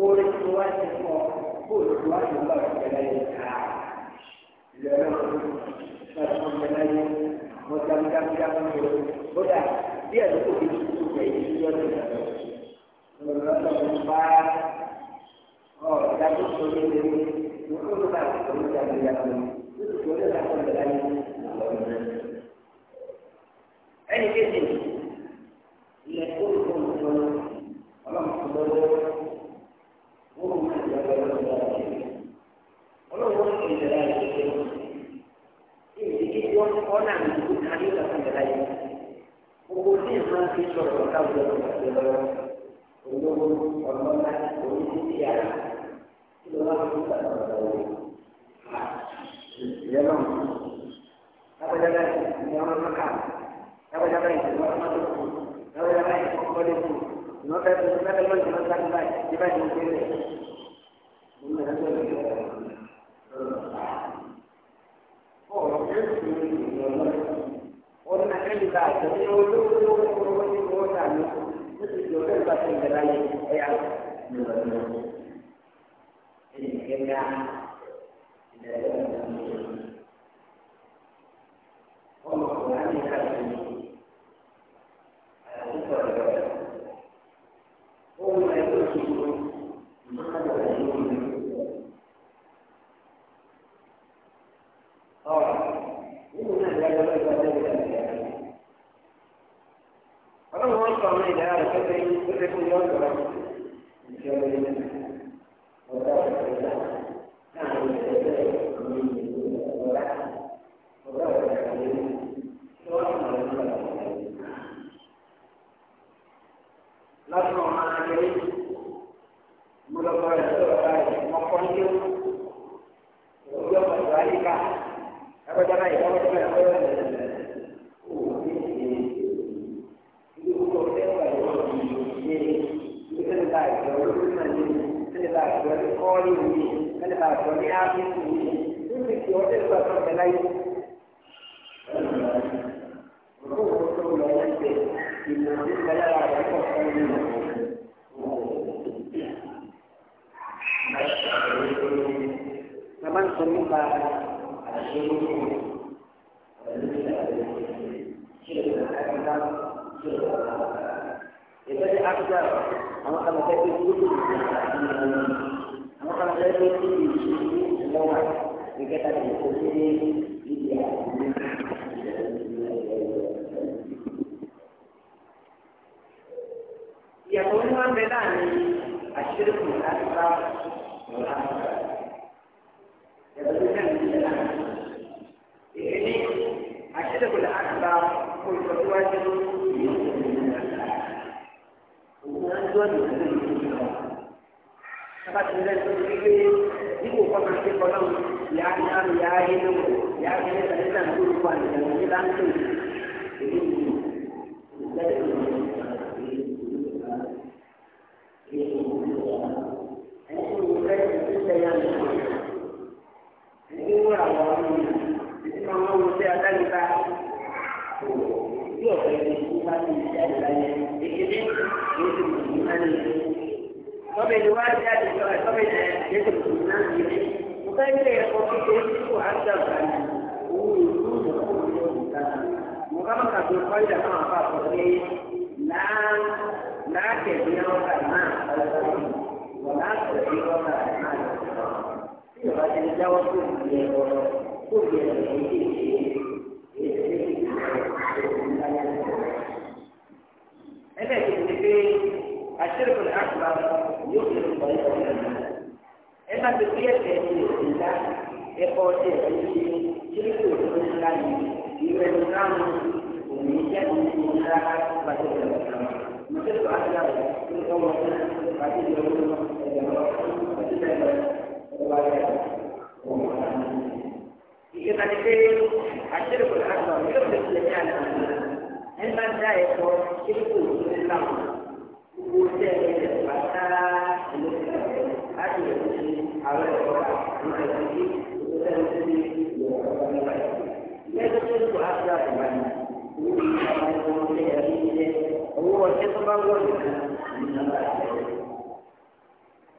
orí tí wọ́n ti mọ̀ bóòlù tí wọ́n ti mọ̀ ìgbẹ́lá yẹn ká ìlera náà wọ́n ti mọ̀ yẹn wọ́n jágbéjágbéjá fún mi kódà bí ẹ̀ lóko bí tuntun rẹ̀ yìí ti yọ̀ọ́ nígbà tó lọ́wọ́ lọ́wọ́ ń bá ọ̀ ìdájọ́ tó yẹ lé ní olóòlù tó ń jágbéjágbé lóṣù tó lè láti ìgbẹ́lá yẹn lọ́wọ́ ẹnì kejì ilẹ̀ tó ń tó ń tó ọlọ́mọ ọlọ́run ti ìmọ̀ fẹ́ fún mi fẹ́ lọ́yìn máa ń sáré báyìí bí báyìí mo lọ́ta àná àná tí ìjọba ti tó ń yẹ ọ̀rọ̀ tó yẹ ọ̀rọ̀ yìí ti ṣe èdè ní ìgbàlẹ̀ ẹgbẹ́ ti ti pé àṣírìkùn àgbà yóò fi ọ̀pọ̀ ẹ̀kọ́ náà ẹ má ti fi ẹ̀sẹ̀ ní ìlú ńlá ẹ̀kọ́ ọ̀sẹ̀ ìṣe ṣíríkù òṣèlú ńlá yìí ìrẹ̀lú náà òní jẹ́ òní ńlá pàṣẹ ìjọba. Mọ̀tẹ́tù àti àwọn ìṣòro ọmọ náà pàṣẹ ìjọba Itu tadi saya asyik berkata, itu berbelanja anak-anak.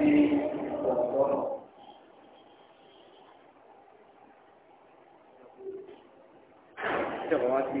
sí ọ̀tọ̀. Ṣé ọ̀rọ̀ wá sí?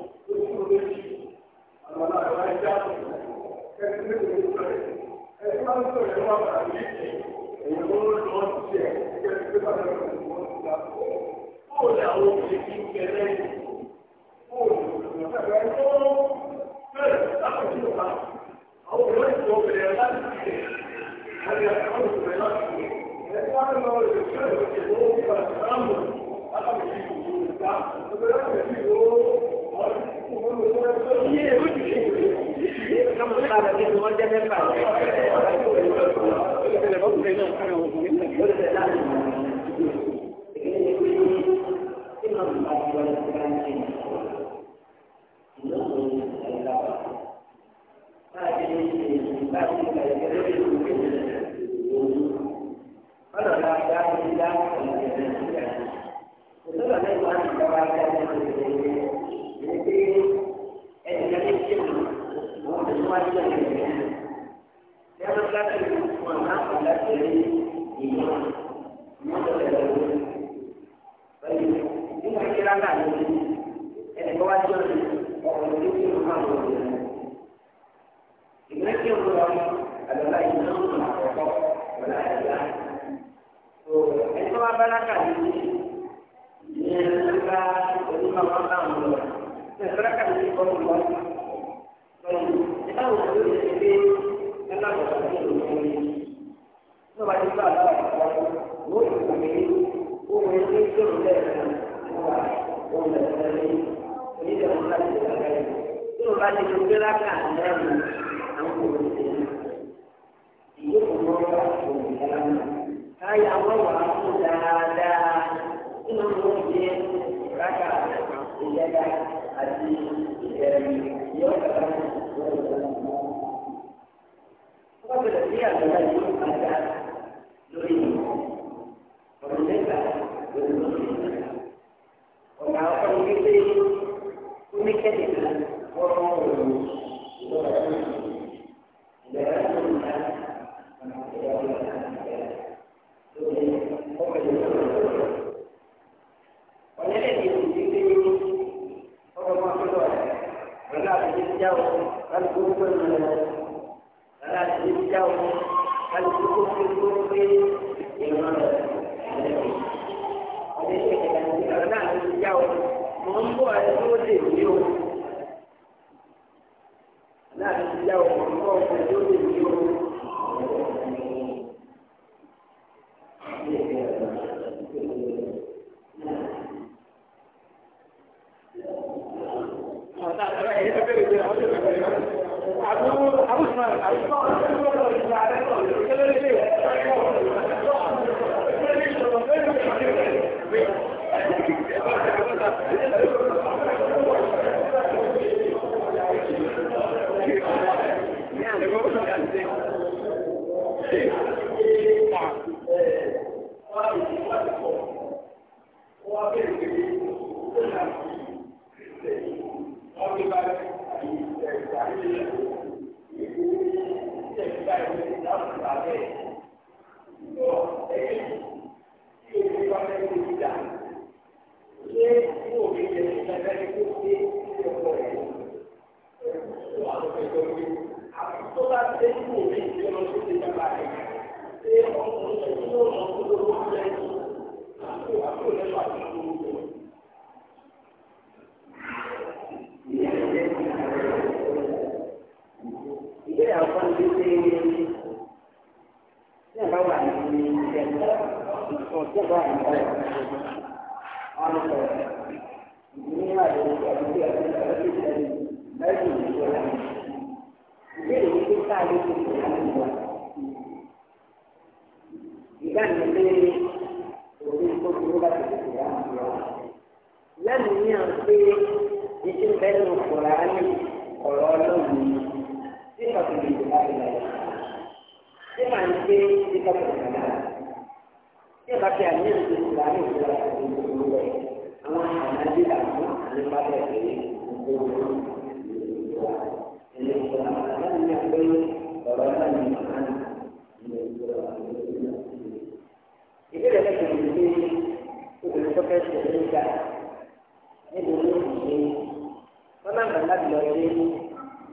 láti lọ sí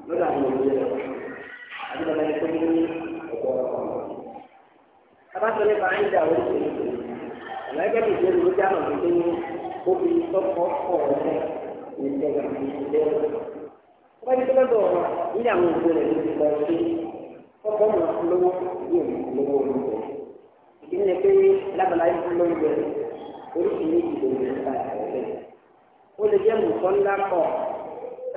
lọ́dọ̀ àwọn òbí rẹ̀ àti bàbá yẹn tó ní ọ̀pọ̀ ọ̀pọ̀. abáṣọ nípa àyíjà oríṣiríṣi àmọ́ ẹgbẹ́ mi ìdílé ló dáhùn sí pé obì tọkọ pọ̀ ọ̀rẹ́ ìṣẹ̀lẹ̀ ìṣẹ̀lẹ̀ wọ́n ti tọ́lọ́dọ̀ ilé àwọn òbí rẹ̀ ti lọ sí kọ́kọ́ mọ̀ lówó yóò lówó olùkọ́ ìdí ni pé lábàlá yìí fún lóúnjẹ oríṣiríṣi ìdòwò nípa ẹ̀rẹ́ ó lè jẹ́ mùsọ̀ ńlá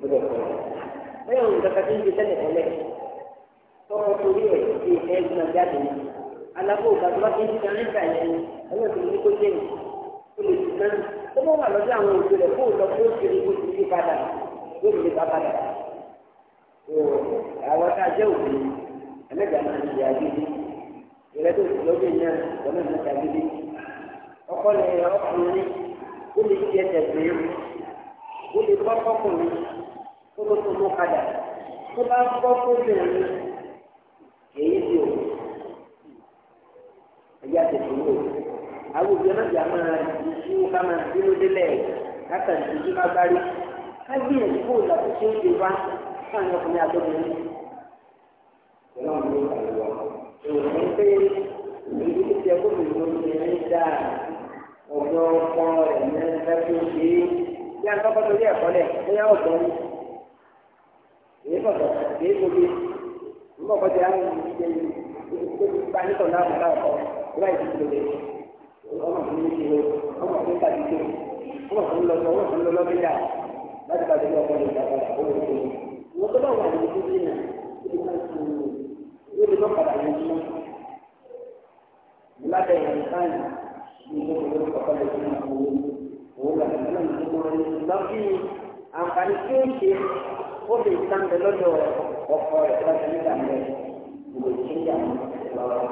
gbọ́dọ̀ kọ bẹ́ẹ̀ òun kankan tó ń di tẹ́lẹ̀ ti ẹ gbọ́dọ̀ jáde ní alábò gbàdúrà tó di kan níta yẹn ọlọ́run ti ní kó jẹ ti kan wà àwọn ti a kólókóló padà tó bá gbọ́ kóbìnrin èyí tí ẹ̀yà tètè wò àwọn òbí ọlọ́jà máa ìṣú ká máa dúró délẹ̀ látàrí ìṣú ká gbárí ká gbìyànjú kó lọ́kùn tó ń ṣe wá fáwọn ọkùnrin àtọ́kùnrin. ọlọ́run ló ń bá wọn èrò ń pé ìlú tó ti ẹkọ́ mi ló ń ṣe ń dá ọ̀dọ́ ọkọ rẹ̀ ní ẹgbẹ́ tó ṣe é bí a ń kọ́kọ́ torí ẹ̀kọ́ lẹ̀ bóyá ọ̀dọ́ ni. èyí bọ̀dọ̀ èyí bobi mbọ̀ kọjá àwọn ìdí jẹ́ yìí tó ti pa nítorí náà bàbá ọkọ láì ti tẹ̀lé ọmọ ó lè sáńbẹ lọ́dọ̀ ọkọ rẹ̀ láti nígbà mẹ́rin kò lọ́wọ́.